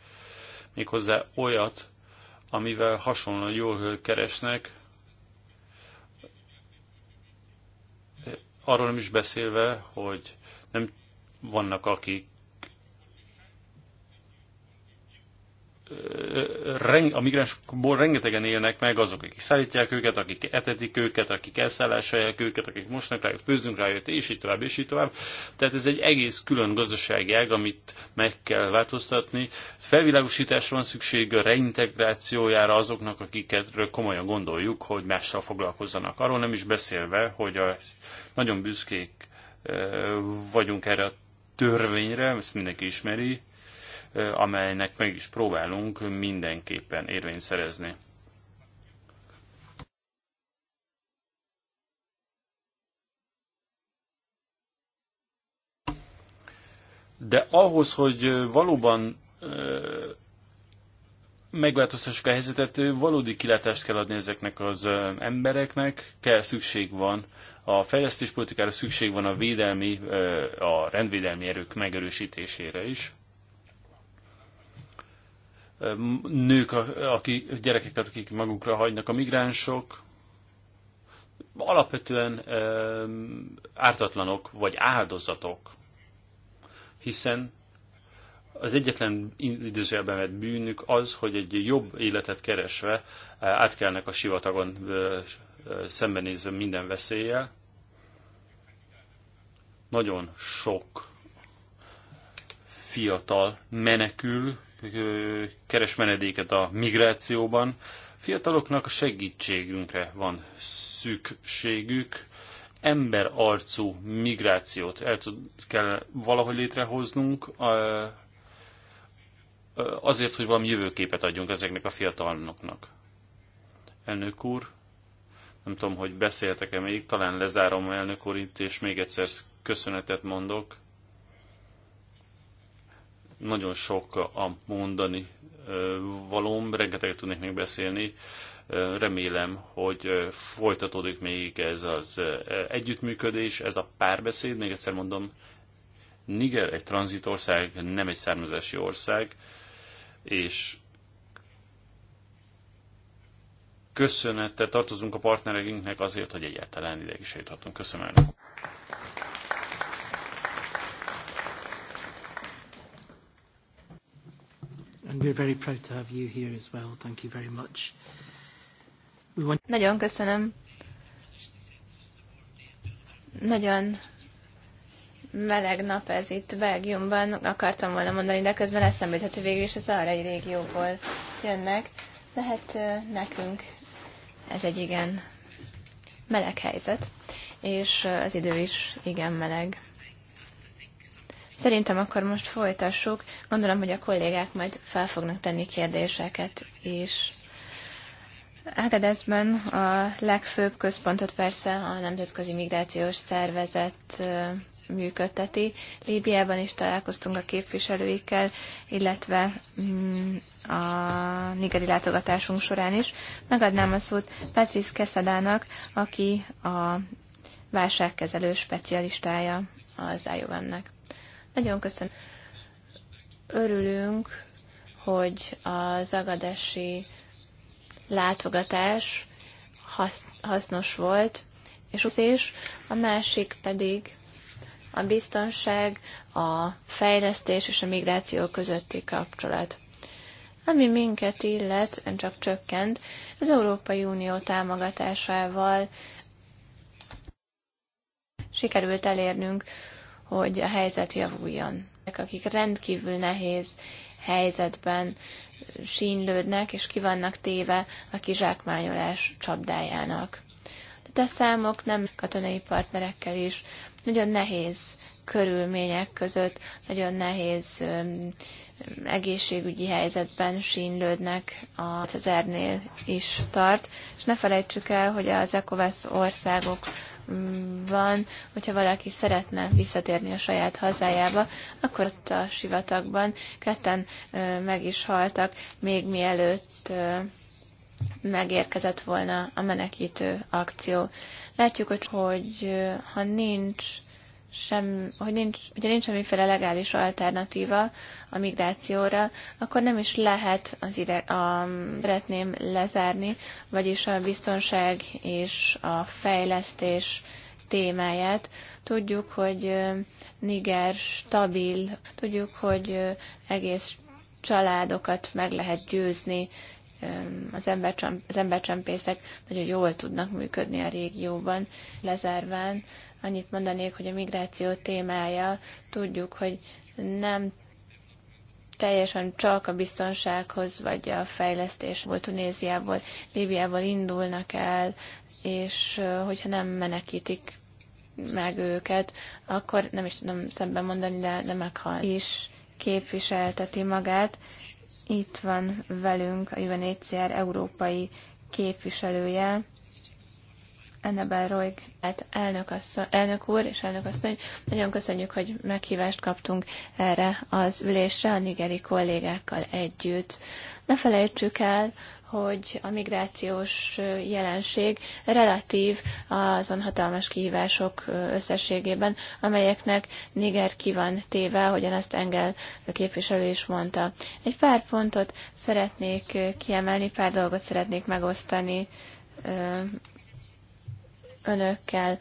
Méghozzá olyat, amivel hasonlóan jól keresnek, arról nem is beszélve, hogy nem vannak akik a migránsokból rengetegen élnek meg azok, akik szállítják őket, akik etetik őket, akik elszállásolják őket, akik mosnak rájuk, főzünk rájuk, és így tovább, és így tovább. Tehát ez egy egész külön gazdasági ág, amit meg kell változtatni. Felvilágosításra van szükség a reintegrációjára azoknak, akiket komolyan gondoljuk, hogy mással foglalkozzanak. Arról nem is beszélve, hogy a, nagyon büszkék vagyunk erre a törvényre, ezt mindenki ismeri, amelynek meg is próbálunk mindenképpen érvényt szerezni. De ahhoz, hogy valóban megváltoztassuk a helyzetet, valódi kilátást kell adni ezeknek az embereknek, kell szükség van a fejlesztéspolitikára, szükség van a védelmi, a rendvédelmi erők megerősítésére is nők, akik, gyerekeket, akik magukra hagynak a migránsok, alapvetően ártatlanok vagy áldozatok, hiszen az egyetlen idézőjelben vett bűnük az, hogy egy jobb életet keresve eh, átkelnek a sivatagon eh, szembenézve minden veszéllyel. Nagyon sok fiatal menekül keres menedéket a migrációban. Fiataloknak a segítségünkre van szükségük, emberarcú migrációt el tud, kell valahogy létrehoznunk, azért, hogy valami jövőképet adjunk ezeknek a fiataloknak. Elnök úr, nem tudom, hogy beszéltek-e még, talán lezárom elnök úr itt, és még egyszer köszönetet mondok nagyon sok a mondani valóm, rengeteget tudnék még beszélni. Remélem, hogy folytatódik még ez az együttműködés, ez a párbeszéd. Még egyszer mondom, Niger egy tranzitország, nem egy származási ország, és köszönettel tartozunk a partnereinknek azért, hogy egyáltalán ideig is juthatunk. Köszönöm Nagyon köszönöm. Nagyon meleg nap ez itt Belgiumban, akartam volna mondani, de közben eszembe jutott, hogy végül is az arra egy régióból jönnek. Lehet nekünk ez egy igen meleg helyzet, és az idő is igen meleg. Szerintem akkor most folytassuk. Gondolom, hogy a kollégák majd fel fognak tenni kérdéseket is. Ágadezben a legfőbb központot persze a Nemzetközi Migrációs Szervezet működteti. Líbiában is találkoztunk a képviselőikkel, illetve mm, a nigeri látogatásunk során is. Megadnám a szót Patrice Keszadának, aki a válságkezelő specialistája az IOM-nek. Nagyon köszönöm. Örülünk, hogy az agadesi látogatás hasznos volt, és is, a másik pedig a biztonság, a fejlesztés és a migráció közötti kapcsolat. Ami minket illet, csak csökkent, az Európai Unió támogatásával sikerült elérnünk hogy a helyzet javuljon. Akik rendkívül nehéz helyzetben sínlődnek és vannak téve a kizsákmányolás csapdájának. De számok nem katonai partnerekkel is nagyon nehéz körülmények között, nagyon nehéz öm, egészségügyi helyzetben sínlődnek a cezernél is tart. És ne felejtsük el, hogy az ECOVASZ országok van, hogyha valaki szeretne visszatérni a saját hazájába, akkor ott a sivatagban ketten meg is haltak, még mielőtt megérkezett volna a menekítő akció. Látjuk, hogy ha nincs sem, hogy nincs, ugye nincs semmiféle legális alternatíva a migrációra, akkor nem is lehet az ide, a, retném lezárni, vagyis a biztonság és a fejlesztés témáját. Tudjuk, hogy Niger stabil, tudjuk, hogy egész családokat meg lehet győzni, az, embercsem, az embercsempészek nagyon jól tudnak működni a régióban, lezárván Annyit mondanék, hogy a migráció témája tudjuk, hogy nem teljesen csak a biztonsághoz vagy a fejlesztésből, Tunéziából, Líbiából indulnak el, és hogyha nem menekítik meg őket, akkor nem is tudom szemben mondani, de, de meghal. És képviselteti magát. Itt van velünk a UNHCR európai képviselője, Annabel Roig, hát elnök, assza, elnök úr és elnök asszony, nagyon köszönjük, hogy meghívást kaptunk erre az ülésre a nigeri kollégákkal együtt. Ne felejtsük el, hogy a migrációs jelenség relatív azon hatalmas kihívások összességében, amelyeknek Niger ki van téve, ahogyan ezt Engel képviselő is mondta. Egy pár pontot szeretnék kiemelni, pár dolgot szeretnék megosztani önökkel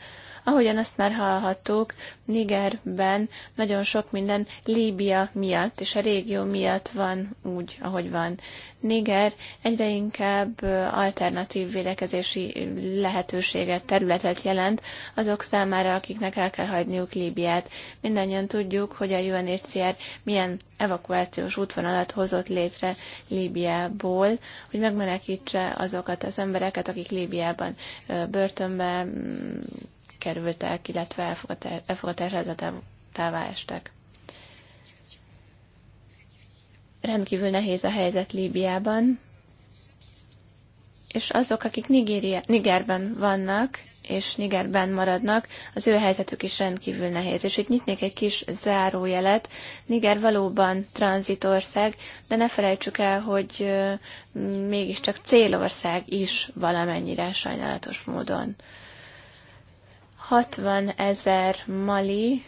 Ahogyan azt már hallhattuk, Nigerben nagyon sok minden Líbia miatt és a régió miatt van úgy, ahogy van. Niger egyre inkább alternatív védekezési lehetőséget, területet jelent azok számára, akiknek el kell hagyniuk Líbiát. Mindannyian tudjuk, hogy a UNHCR milyen evakuációs útvonalat hozott létre Líbiából, hogy megmenekítse azokat az embereket, akik Líbiában börtönbe mm, kerültek, illetve elfogadásra estek. Rendkívül nehéz a helyzet Líbiában, és azok, akik Nigéria, Nigerben vannak, és Nigerben maradnak, az ő helyzetük is rendkívül nehéz. És itt nyitnék egy kis zárójelet. Niger valóban tranzitország, de ne felejtsük el, hogy mégiscsak célország is valamennyire sajnálatos módon. 60 ezer mali,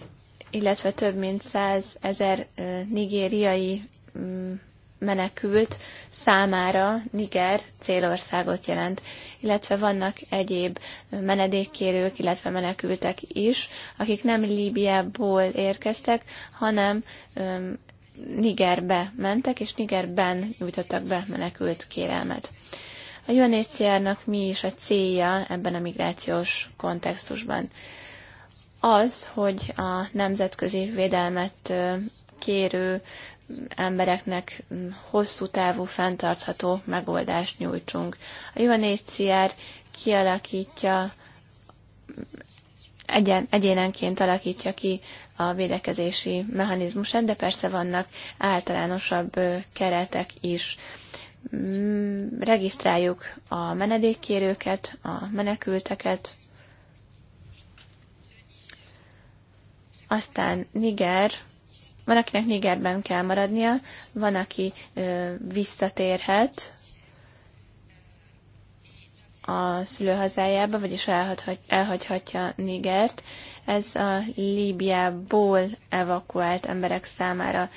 illetve több mint 100 ezer nigériai mm, menekült számára Niger célországot jelent, illetve vannak egyéb menedékkérők, illetve menekültek is, akik nem Líbiából érkeztek, hanem Nigerbe mentek, és Nigerben nyújtottak be menekült kérelmet. A UNHCR-nak mi is a célja ebben a migrációs kontextusban? Az, hogy a nemzetközi védelmet kérő embereknek hosszú távú fenntartható megoldást nyújtsunk. A UNHCR kialakítja egyen, egyénenként alakítja ki a védekezési mechanizmusát, de persze vannak általánosabb keretek is. Mm, regisztráljuk a menedékkérőket, a menekülteket, aztán Niger, van, akinek Nigerben kell maradnia, van, aki ö, visszatérhet a szülőhazájába, vagyis elhagyhat, elhagyhatja Nigert. Ez a Líbiából evakuált emberek számára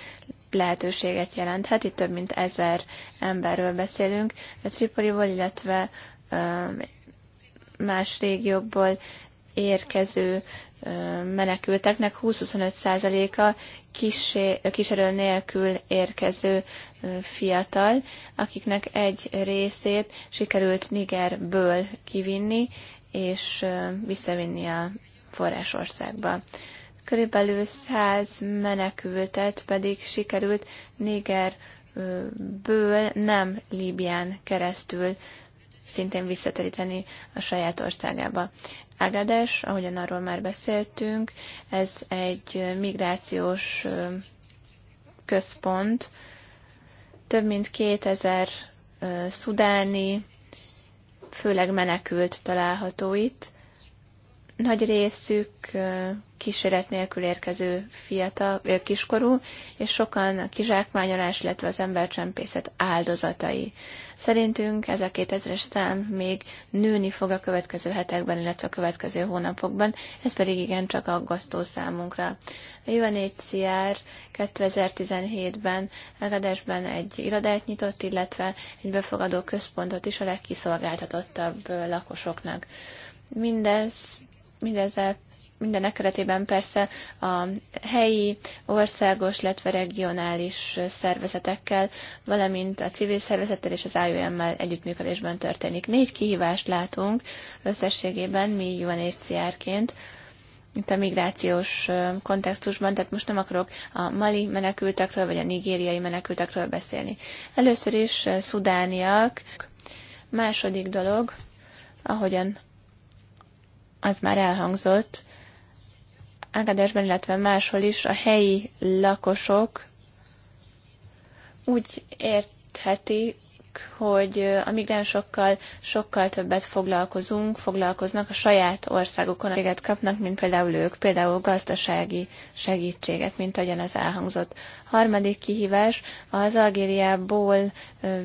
lehetőséget jelenthet. Itt több mint ezer emberről beszélünk. A Tripoliból, illetve más régiókból érkező menekülteknek 20-25%-a kísérő nélkül érkező fiatal, akiknek egy részét sikerült Nigerből kivinni és visszavinni a forrásországba körülbelül 100 menekültet pedig sikerült Nigerből nem Líbián keresztül szintén visszateríteni a saját országába. Ágades, ahogyan arról már beszéltünk, ez egy migrációs központ. Több mint 2000 szudáni, főleg menekült található itt. Nagy részük kíséret nélkül érkező fiatal, kiskorú, és sokan a kizsákmányolás, illetve az embercsempészet áldozatai. Szerintünk ez a 2000-es szám még nőni fog a következő hetekben, illetve a következő hónapokban, ez pedig igen csak aggasztó számunkra. A UNHCR 2017-ben Egadásban egy irodát nyitott, illetve egy befogadó központot is a legkiszolgáltatottabb lakosoknak. Mindez mindezzel mindenek keretében persze a helyi, országos, illetve regionális szervezetekkel, valamint a civil szervezettel és az IOM-mel együttműködésben történik. Négy kihívást látunk összességében mi UNHCR-ként, itt a migrációs kontextusban, tehát most nem akarok a mali menekültekről, vagy a nigériai menekültekről beszélni. Először is szudániak, második dolog, ahogyan az már elhangzott, ágadásban illetve máshol is a helyi lakosok úgy érthetik, hogy a migránsokkal sokkal többet foglalkozunk, foglalkoznak a saját országokon, amiket kapnak, mint például ők, például gazdasági segítséget, mint ahogyan az elhangzott. Harmadik kihívás az Algériából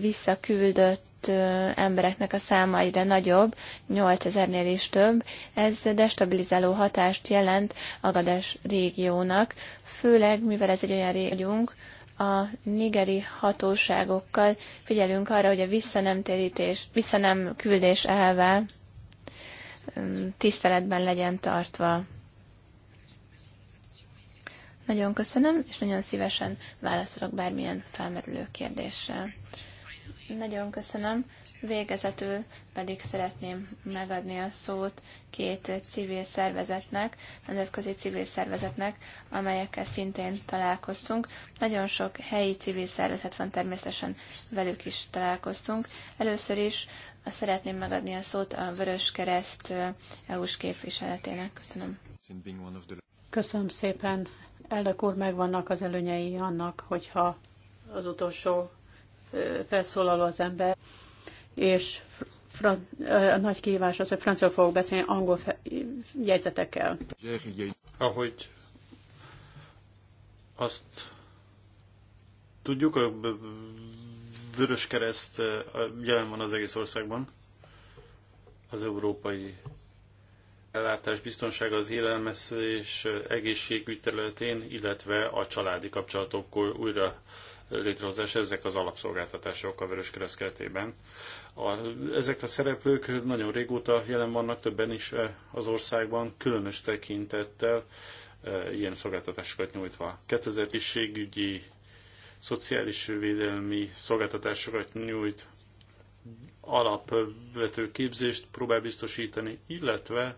visszaküldött érintett embereknek a száma egyre nagyobb, 8000-nél is több. Ez destabilizáló hatást jelent Agadás régiónak, főleg mivel ez egy olyan régiónk, a nigeri hatóságokkal figyelünk arra, hogy a visszanemtérítés, visszanem küldés elve tiszteletben legyen tartva. Nagyon köszönöm, és nagyon szívesen válaszolok bármilyen felmerülő kérdéssel. Nagyon köszönöm. Végezetül pedig szeretném megadni a szót két civil szervezetnek, nemzetközi civil szervezetnek, amelyekkel szintén találkoztunk. Nagyon sok helyi civil szervezet van, természetesen velük is találkoztunk. Először is szeretném megadni a szót a Vörös Kereszt eh, EU-s képviseletének. Köszönöm. Köszönöm szépen. Elnök úr, megvannak az előnyei annak, hogyha az utolsó felszólaló az ember, és fran- a nagy kihívás az, hogy francia fogok beszélni angol jegyzetekkel. Ahogy azt tudjuk, a Vörös Kereszt jelen van az egész országban. Az európai ellátás biztonsága az élelmezés egészségügy területén, illetve a családi kapcsolatok újra létrehozás, ezek az alapszolgáltatások a Vöröskereszt keretében. A, ezek a szereplők nagyon régóta jelen vannak, többen is eh, az országban, különös tekintettel eh, ilyen szolgáltatásokat nyújtva. 2000 tisztségügyi, szociális védelmi szolgáltatásokat nyújt, alapvető képzést próbál biztosítani, illetve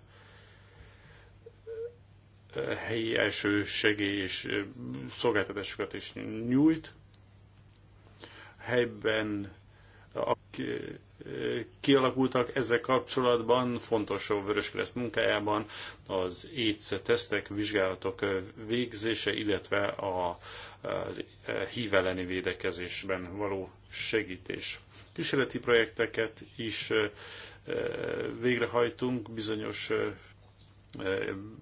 eh, helyi első segély és szolgáltatásokat is nyújt helyben kialakultak ezzel kapcsolatban, fontos a Vöröskereszt munkájában az AIDS tesztek, vizsgálatok végzése, illetve a hív elleni védekezésben való segítés. Kísérleti projekteket is végrehajtunk, bizonyos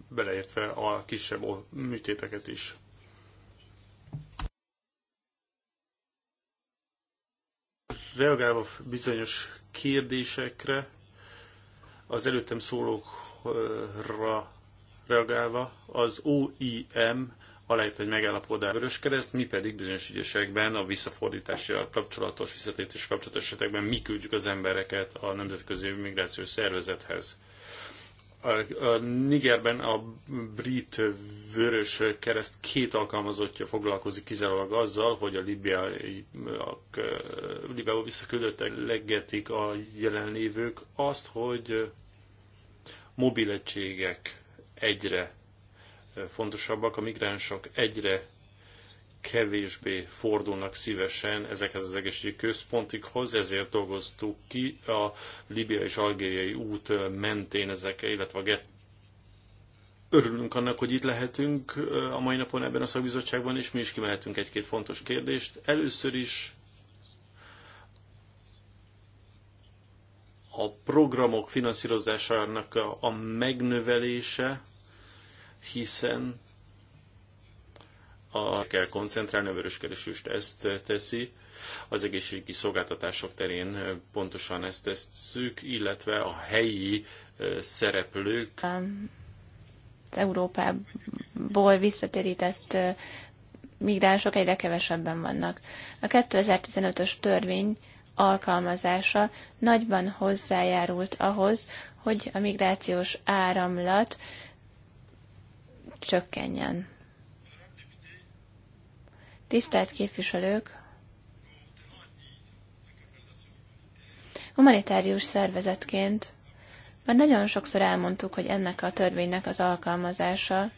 beleértve a kisebb műtéteket is. reagálva bizonyos kérdésekre, az előttem szólókra reagálva, az OIM aláírt egy megállapodás kereszt. mi pedig bizonyos ügyesekben a visszafordítással kapcsolatos, visszatérítés kapcsolatos esetekben mi küldjük az embereket a Nemzetközi Migrációs Szervezethez a Nigerben a brit vörös kereszt két alkalmazottja foglalkozik kizárólag azzal, hogy a libiai, a, Libiába visszaküldöttek legetik a jelenlévők azt, hogy mobilegységek egyre fontosabbak, a migránsok egyre kevésbé fordulnak szívesen ezekhez az egészségügyi központikhoz, ezért dolgoztuk ki a Libia és Algériai út mentén ezek, illetve a get Örülünk annak, hogy itt lehetünk eh, a mai napon ebben a szakbizottságban, és mi is kimehetünk egy-két fontos kérdést. Először is a programok finanszírozásának a megnövelése, hiszen a kell koncentrálni, a vöröskeresőst ezt teszi, az egészségügyi szolgáltatások terén pontosan ezt tesszük, illetve a helyi szereplők. Az Európából visszatérített migránsok egyre kevesebben vannak. A 2015-ös törvény alkalmazása nagyban hozzájárult ahhoz, hogy a migrációs áramlat csökkenjen. Tisztelt képviselők! Humanitárius szervezetként már nagyon sokszor elmondtuk, hogy ennek a törvénynek az alkalmazása,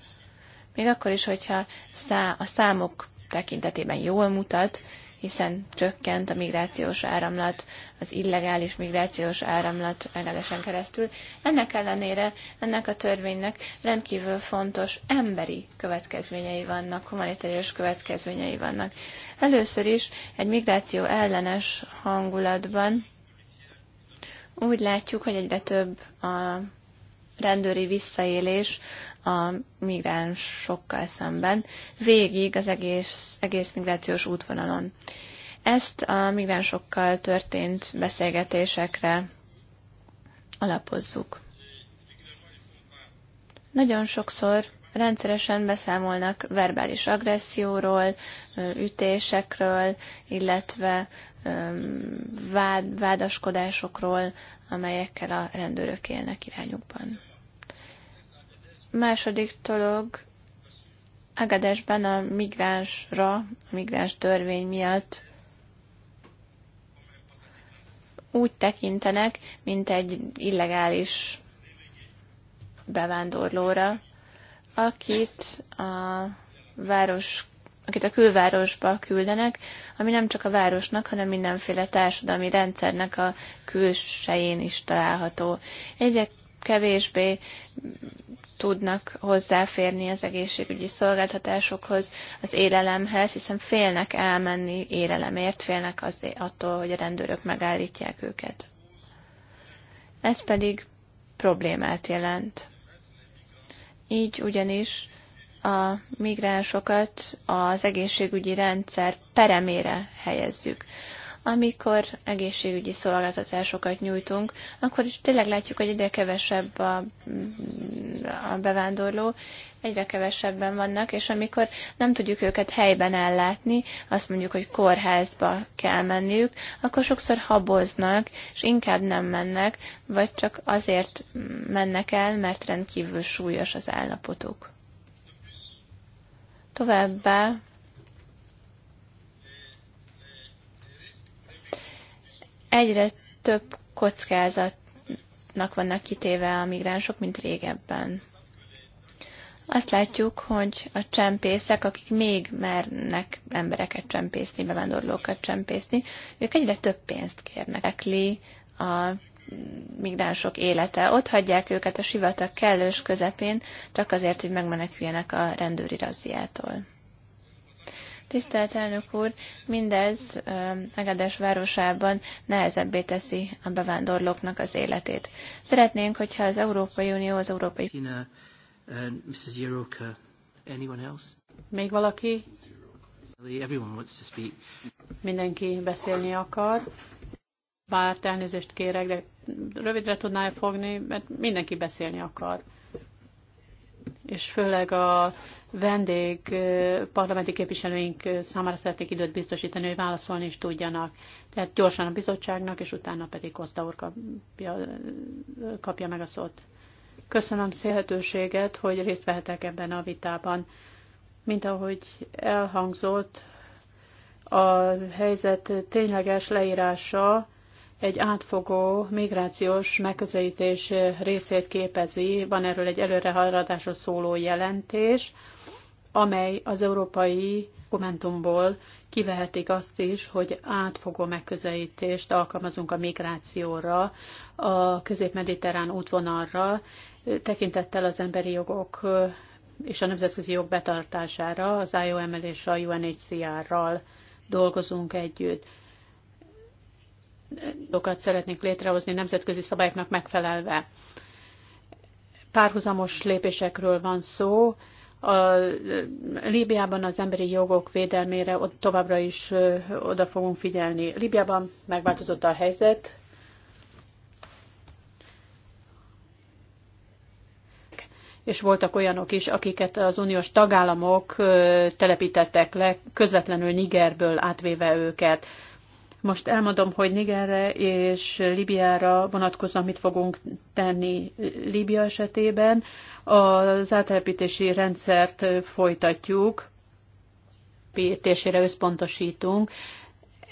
még akkor is, hogyha szá- a számok tekintetében jól mutat, hiszen csökkent a migrációs áramlat, az illegális migrációs áramlat ellenesen keresztül. Ennek ellenére ennek a törvénynek rendkívül fontos emberi következményei vannak, humanitárius következményei vannak. Először is egy migráció ellenes hangulatban úgy látjuk, hogy egyre több a rendőri visszaélés a migránsokkal szemben, végig az egész, egész migrációs útvonalon. Ezt a migránsokkal történt beszélgetésekre alapozzuk. Nagyon sokszor rendszeresen beszámolnak verbális agresszióról, ütésekről, illetve vád, vádaskodásokról, amelyekkel a rendőrök élnek irányukban. Második dolog, Agadesben a migránsra, a migráns törvény miatt úgy tekintenek, mint egy illegális bevándorlóra, akit a város akit a külvárosba küldenek, ami nem csak a városnak, hanem mindenféle társadalmi rendszernek a külsején is található. Egyek kevésbé tudnak hozzáférni az egészségügyi szolgáltatásokhoz, az élelemhez, hiszen félnek elmenni élelemért, félnek az, attól, hogy a rendőrök megállítják őket. Ez pedig problémát jelent. Így ugyanis a migránsokat az egészségügyi rendszer peremére helyezzük amikor egészségügyi szolgáltatásokat nyújtunk, akkor is tényleg látjuk, hogy egyre kevesebb a, a bevándorló, egyre kevesebben vannak, és amikor nem tudjuk őket helyben ellátni, azt mondjuk, hogy kórházba kell menniük, akkor sokszor haboznak, és inkább nem mennek, vagy csak azért mennek el, mert rendkívül súlyos az állapotuk. Továbbá egyre több kockázatnak vannak kitéve a migránsok, mint régebben. Azt látjuk, hogy a csempészek, akik még mernek embereket csempészni, bevándorlókat csempészni, ők egyre több pénzt kérnek. Ekli a migránsok élete. Ott hagyják őket a sivatag kellős közepén, csak azért, hogy megmeneküljenek a rendőri razziától. Tisztelt elnök úr, mindez Egedes városában nehezebbé teszi a bevándorlóknak az életét. Szeretnénk, hogyha az Európai Unió, az Európai... Kina, uh, Mrs. anyone else? Még valaki? Everyone wants to speak. Mindenki beszélni akar. Bár elnézést kérek, de rövidre tudná fogni, mert mindenki beszélni akar. És főleg a vendég parlamenti képviselőink számára szeretnék időt biztosítani, hogy válaszolni is tudjanak. Tehát gyorsan a bizottságnak, és utána pedig Kozda úr kapja, kapja meg a szót. Köszönöm szélhetőséget, hogy részt vehetek ebben a vitában. Mint ahogy elhangzott, a helyzet tényleges leírása egy átfogó migrációs megközelítés részét képezi. Van erről egy előrehaladásra szóló jelentés, amely az európai dokumentumból kivehetik azt is, hogy átfogó megközelítést alkalmazunk a migrációra, a közép-mediterrán útvonalra, tekintettel az emberi jogok és a nemzetközi jog betartására, az IOM-el és a UNHCR-ral dolgozunk együtt dokat szeretnénk létrehozni nemzetközi szabályoknak megfelelve. Párhuzamos lépésekről van szó. A e, Líbiában az emberi jogok védelmére ott továbbra is e, oda fogunk figyelni. Líbiában megváltozott a helyzet. és voltak olyanok is, akiket az uniós tagállamok e, telepítettek le, közvetlenül Nigerből átvéve őket most elmondom, hogy Nigerre és Libiára vonatkozóan mit fogunk tenni Libia esetében. Az átelepítési rendszert folytatjuk, építésére összpontosítunk.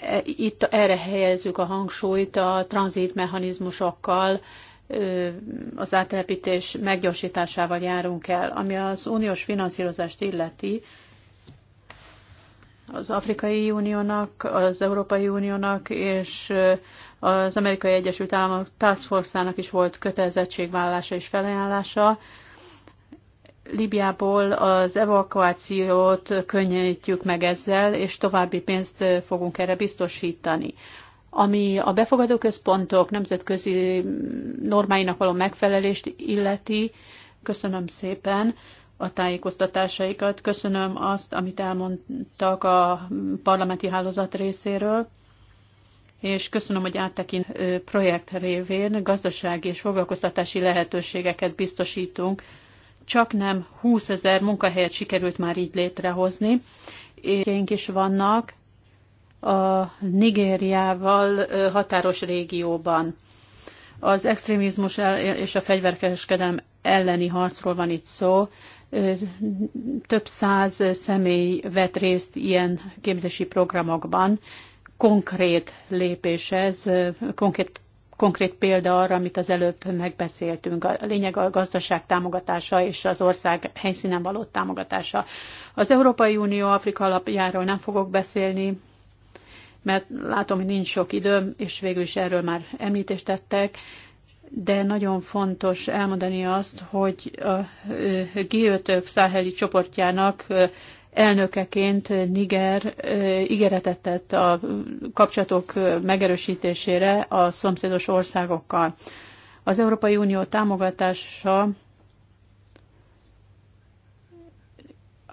E, itt erre helyezzük a hangsúlyt a tranzitmechanizmusokkal, az átelepítés meggyorsításával járunk el. Ami az uniós finanszírozást illeti, az Afrikai Uniónak, az Európai Uniónak és az Amerikai Egyesült Államok Task Force-ának is volt kötelezettségvállása és felajánlása. Libiából az evakuációt könnyítjük meg ezzel, és további pénzt fogunk erre biztosítani. Ami a befogadó központok nemzetközi normáinak való megfelelést illeti, köszönöm szépen, a tájékoztatásaikat. Köszönöm azt, amit elmondtak a parlamenti hálózat részéről, és köszönöm, hogy áttekint projekt révén gazdasági és foglalkoztatási lehetőségeket biztosítunk. Csak nem 20 ezer munkahelyet sikerült már így létrehozni. Énk is vannak a Nigériával határos régióban. Az extrémizmus és a fegyverkereskedelem elleni harcról van itt szó több száz személy vett részt ilyen képzési programokban. Konkrét lépés ez, konkrét, konkrét példa arra, amit az előbb megbeszéltünk. A lényeg a gazdaság támogatása és az ország helyszínen való támogatása. Az Európai Unió Afrika alapjáról nem fogok beszélni, mert látom, hogy nincs sok időm, és végül is erről már említést tettek de nagyon fontos elmondani azt, hogy a G5 száheli csoportjának elnökeként Niger ígéretet tett a kapcsolatok megerősítésére a szomszédos országokkal. Az Európai Unió támogatása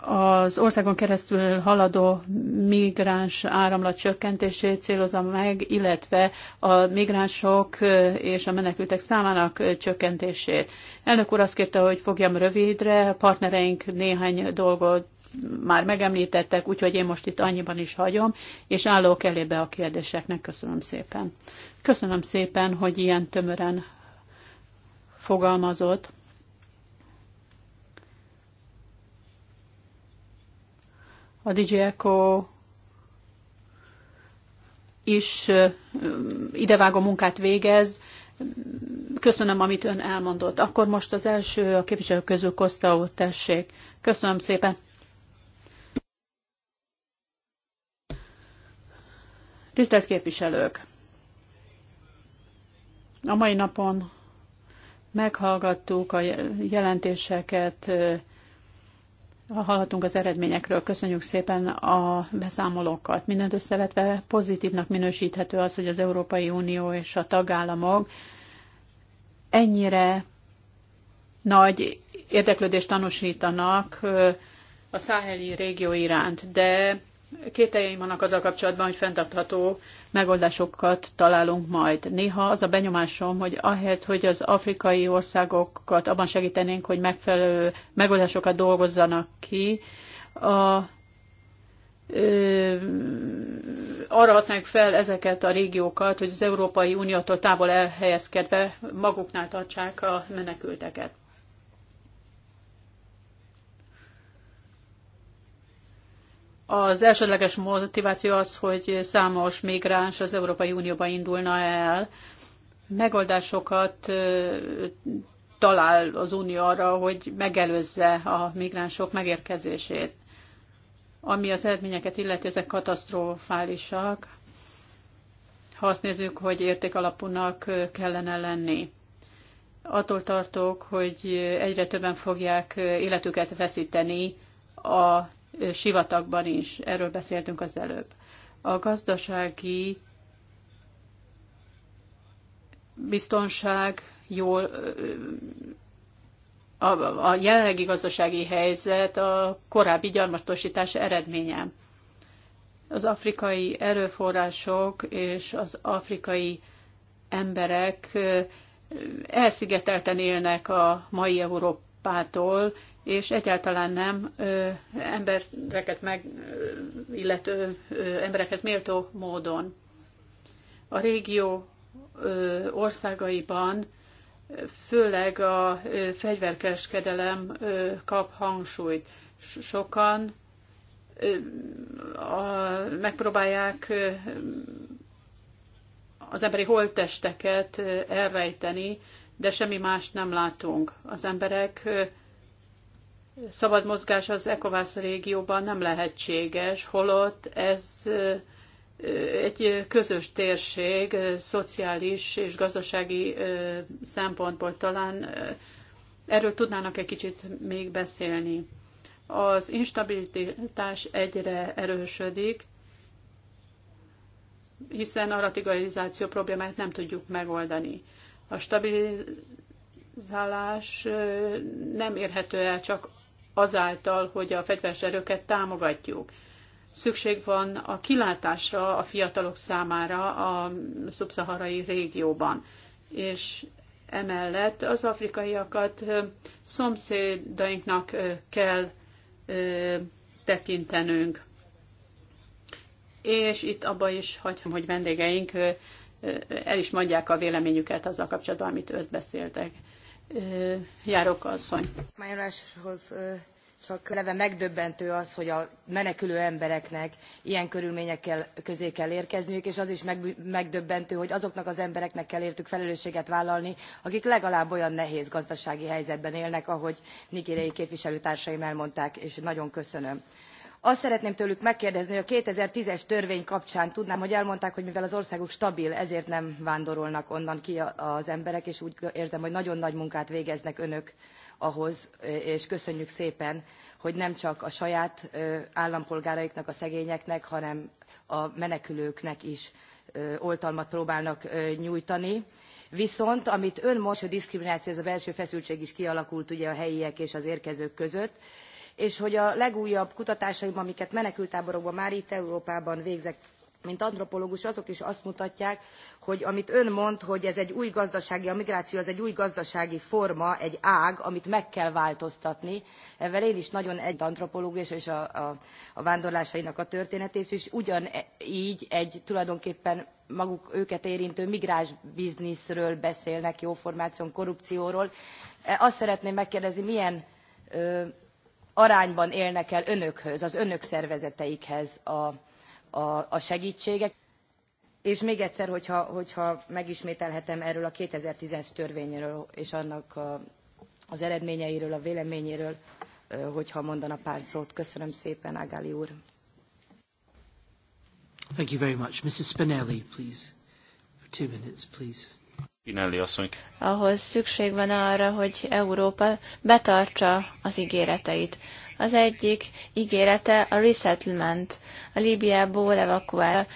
az országon keresztül haladó migráns áramlat csökkentését célozza meg, illetve a migránsok és a menekültek számának csökkentését. Elnök úr azt kérte, hogy fogjam rövidre, a partnereink néhány dolgot már megemlítettek, úgyhogy én most itt annyiban is hagyom, és állok elébe a kérdéseknek. Köszönöm szépen. Köszönöm szépen, hogy ilyen tömören fogalmazott. a DJ Echo is idevágó munkát végez. Köszönöm, amit ön elmondott. Akkor most az első a képviselők közül Kosta úr, tessék. Köszönöm szépen. Tisztelt képviselők! A mai napon meghallgattuk a jelentéseket, hallhatunk az eredményekről. Köszönjük szépen a beszámolókat. Mindent összevetve pozitívnak minősíthető az, hogy az Európai Unió és a tagállamok ennyire nagy érdeklődést tanúsítanak a száheli régió iránt, de kételjeim vannak azzal kapcsolatban, hogy fenntartható megoldásokat találunk majd. Néha az a benyomásom, hogy ahelyett, hogy az afrikai országokat abban segítenénk, hogy megfelelő megoldásokat dolgozzanak ki, a, ö, arra használjuk fel ezeket a régiókat, hogy az Európai Uniótól távol elhelyezkedve maguknál tartsák a menekülteket. Az elsődleges motiváció az, hogy számos migráns az Európai Unióba indulna el. Megoldásokat talál az Unió arra, hogy megelőzze a migránsok megérkezését. Ami az eredményeket illeti, ezek katasztrofálisak, ha azt nézzük, hogy értékalapúnak kellene lenni. Attól tartok, hogy egyre többen fogják életüket veszíteni a sivatagban is, erről beszéltünk az előbb. A gazdasági biztonság jól, a, a jelenlegi gazdasági helyzet a korábbi gyarmatosítás eredménye. Az afrikai erőforrások és az afrikai emberek elszigetelten élnek a mai Európától, és egyáltalán nem ö, embereket meg, ö, illető ö, emberekhez méltó módon. A régió ö, országaiban főleg a ö, fegyverkereskedelem ö, kap hangsúlyt. Sokan ö, a, megpróbálják ö, az emberi holttesteket elrejteni, de semmi más nem látunk. Az emberek szabad mozgás az ECOWAS régióban nem lehetséges, holott ez egy közös térség, szociális és gazdasági szempontból talán erről tudnának egy kicsit még beszélni. Az instabilitás egyre erősödik, hiszen a radikalizáció problémáját nem tudjuk megoldani. A stabilizálás nem érhető el csak azáltal, hogy a fegyveres erőket támogatjuk. Szükség van a kilátásra a fiatalok számára a szubszaharai régióban, és emellett az afrikaiakat szomszédainknak kell tekintenünk. És itt abba is hagyom, hogy vendégeink el is mondják a véleményüket azzal kapcsolatban, amit őt beszéltek. Járok asszony. Májoláshoz csak eleve megdöbbentő az, hogy a menekülő embereknek ilyen körülmények közé kell érkezniük, és az is megdöbbentő, hogy azoknak az embereknek kell értük felelősséget vállalni, akik legalább olyan nehéz gazdasági helyzetben élnek, ahogy nigériai képviselőtársaim elmondták, és nagyon köszönöm azt szeretném tőlük megkérdezni hogy a two thousand and ten es törvény kapcsán tudnám hogy elmondták hogy mivel az országuk stabil ezért nem vándorolnak onnan ki az emberek és úgy érzem hogy nagyon nagy munkát végeznek önök ahhoz és köszönjük szépen hogy nem csak a saját állampolgáraiknak a szegényeknek hanem a menekülőknek is oltalmat próbálnak nyújtani viszont amit ön most diszkrimináció ez a belső feszültség is kialakult ugye a helyiek és az érkezők között és hogy a legújabb kutatásaim, amiket menekülttáborokban már itt Európában végzek, mint antropológus azok is azt mutatják, hogy amit ön mond, hogy ez egy új gazdasági, a migráció az egy új gazdasági forma, egy ág, amit meg kell változtatni. Ezzel én is nagyon egy antropológus és a, a, a vándorlásainak a történetét is ugyanígy e, egy tulajdonképpen maguk őket érintő migráns bizniszről beszélnek jóformán korrupcióról. E, azt szeretném megkérdezni, milyen ö, arányban élnek el önökhöz, az önök szervezeteikhez a, a, a segítségek. És még egyszer, hogyha, hogyha megismételhetem erről a 2010-es törvényről és annak a, az eredményeiről, a véleményéről, hogyha mondana pár szót. Köszönöm szépen, Ágáli úr. Thank you very much. Mrs. Spinelli, please. For two minutes, please. Pinelli asszony. Ahhoz szükség van arra, hogy Európa betartsa az ígéreteit. Az egyik ígérete a resettlement, a Líbiából evakuál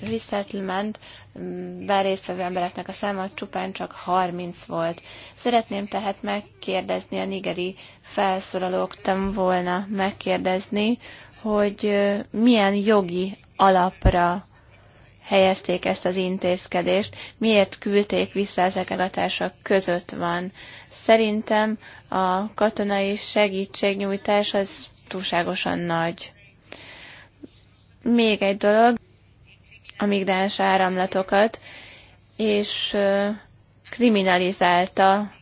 resettlement bár résztvevő embereknek a száma csupán csak 30 volt. Szeretném tehát megkérdezni a nigeri felszólalóktam volna megkérdezni, hogy milyen jogi alapra helyezték ezt az intézkedést, miért küldték vissza ezeket a társak között van. Szerintem a katonai segítségnyújtás az túlságosan nagy. Még egy dolog, a migráns áramlatokat, és kriminalizálta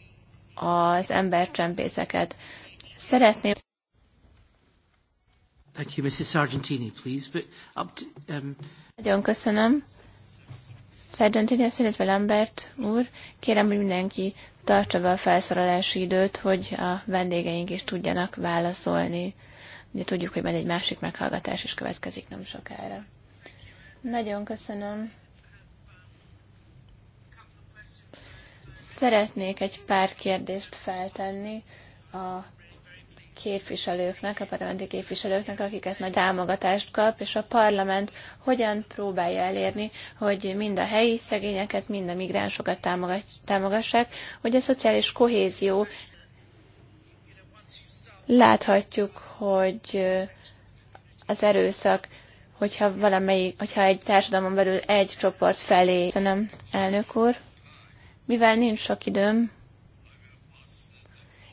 az embercsempészeket. Szeretném Thank you, Mrs. Sargentini, please. But up to, um, nagyon köszönöm. Szerdönteni a illetve Lambert úr, kérem, hogy mindenki tartsa be a felszorolási időt, hogy a vendégeink is tudjanak válaszolni. Ugye tudjuk, hogy majd egy másik meghallgatás is következik nem sokára. Nagyon köszönöm. Szeretnék egy pár kérdést feltenni a képviselőknek, a parlamenti képviselőknek, akiket majd támogatást kap, és a parlament hogyan próbálja elérni, hogy mind a helyi szegényeket, mind a migránsokat támogassák, hogy a szociális kohézió láthatjuk, hogy az erőszak, hogyha valamelyik, hogyha egy társadalmon belül egy csoport felé. Köszönöm, elnök úr. Mivel nincs sok időm,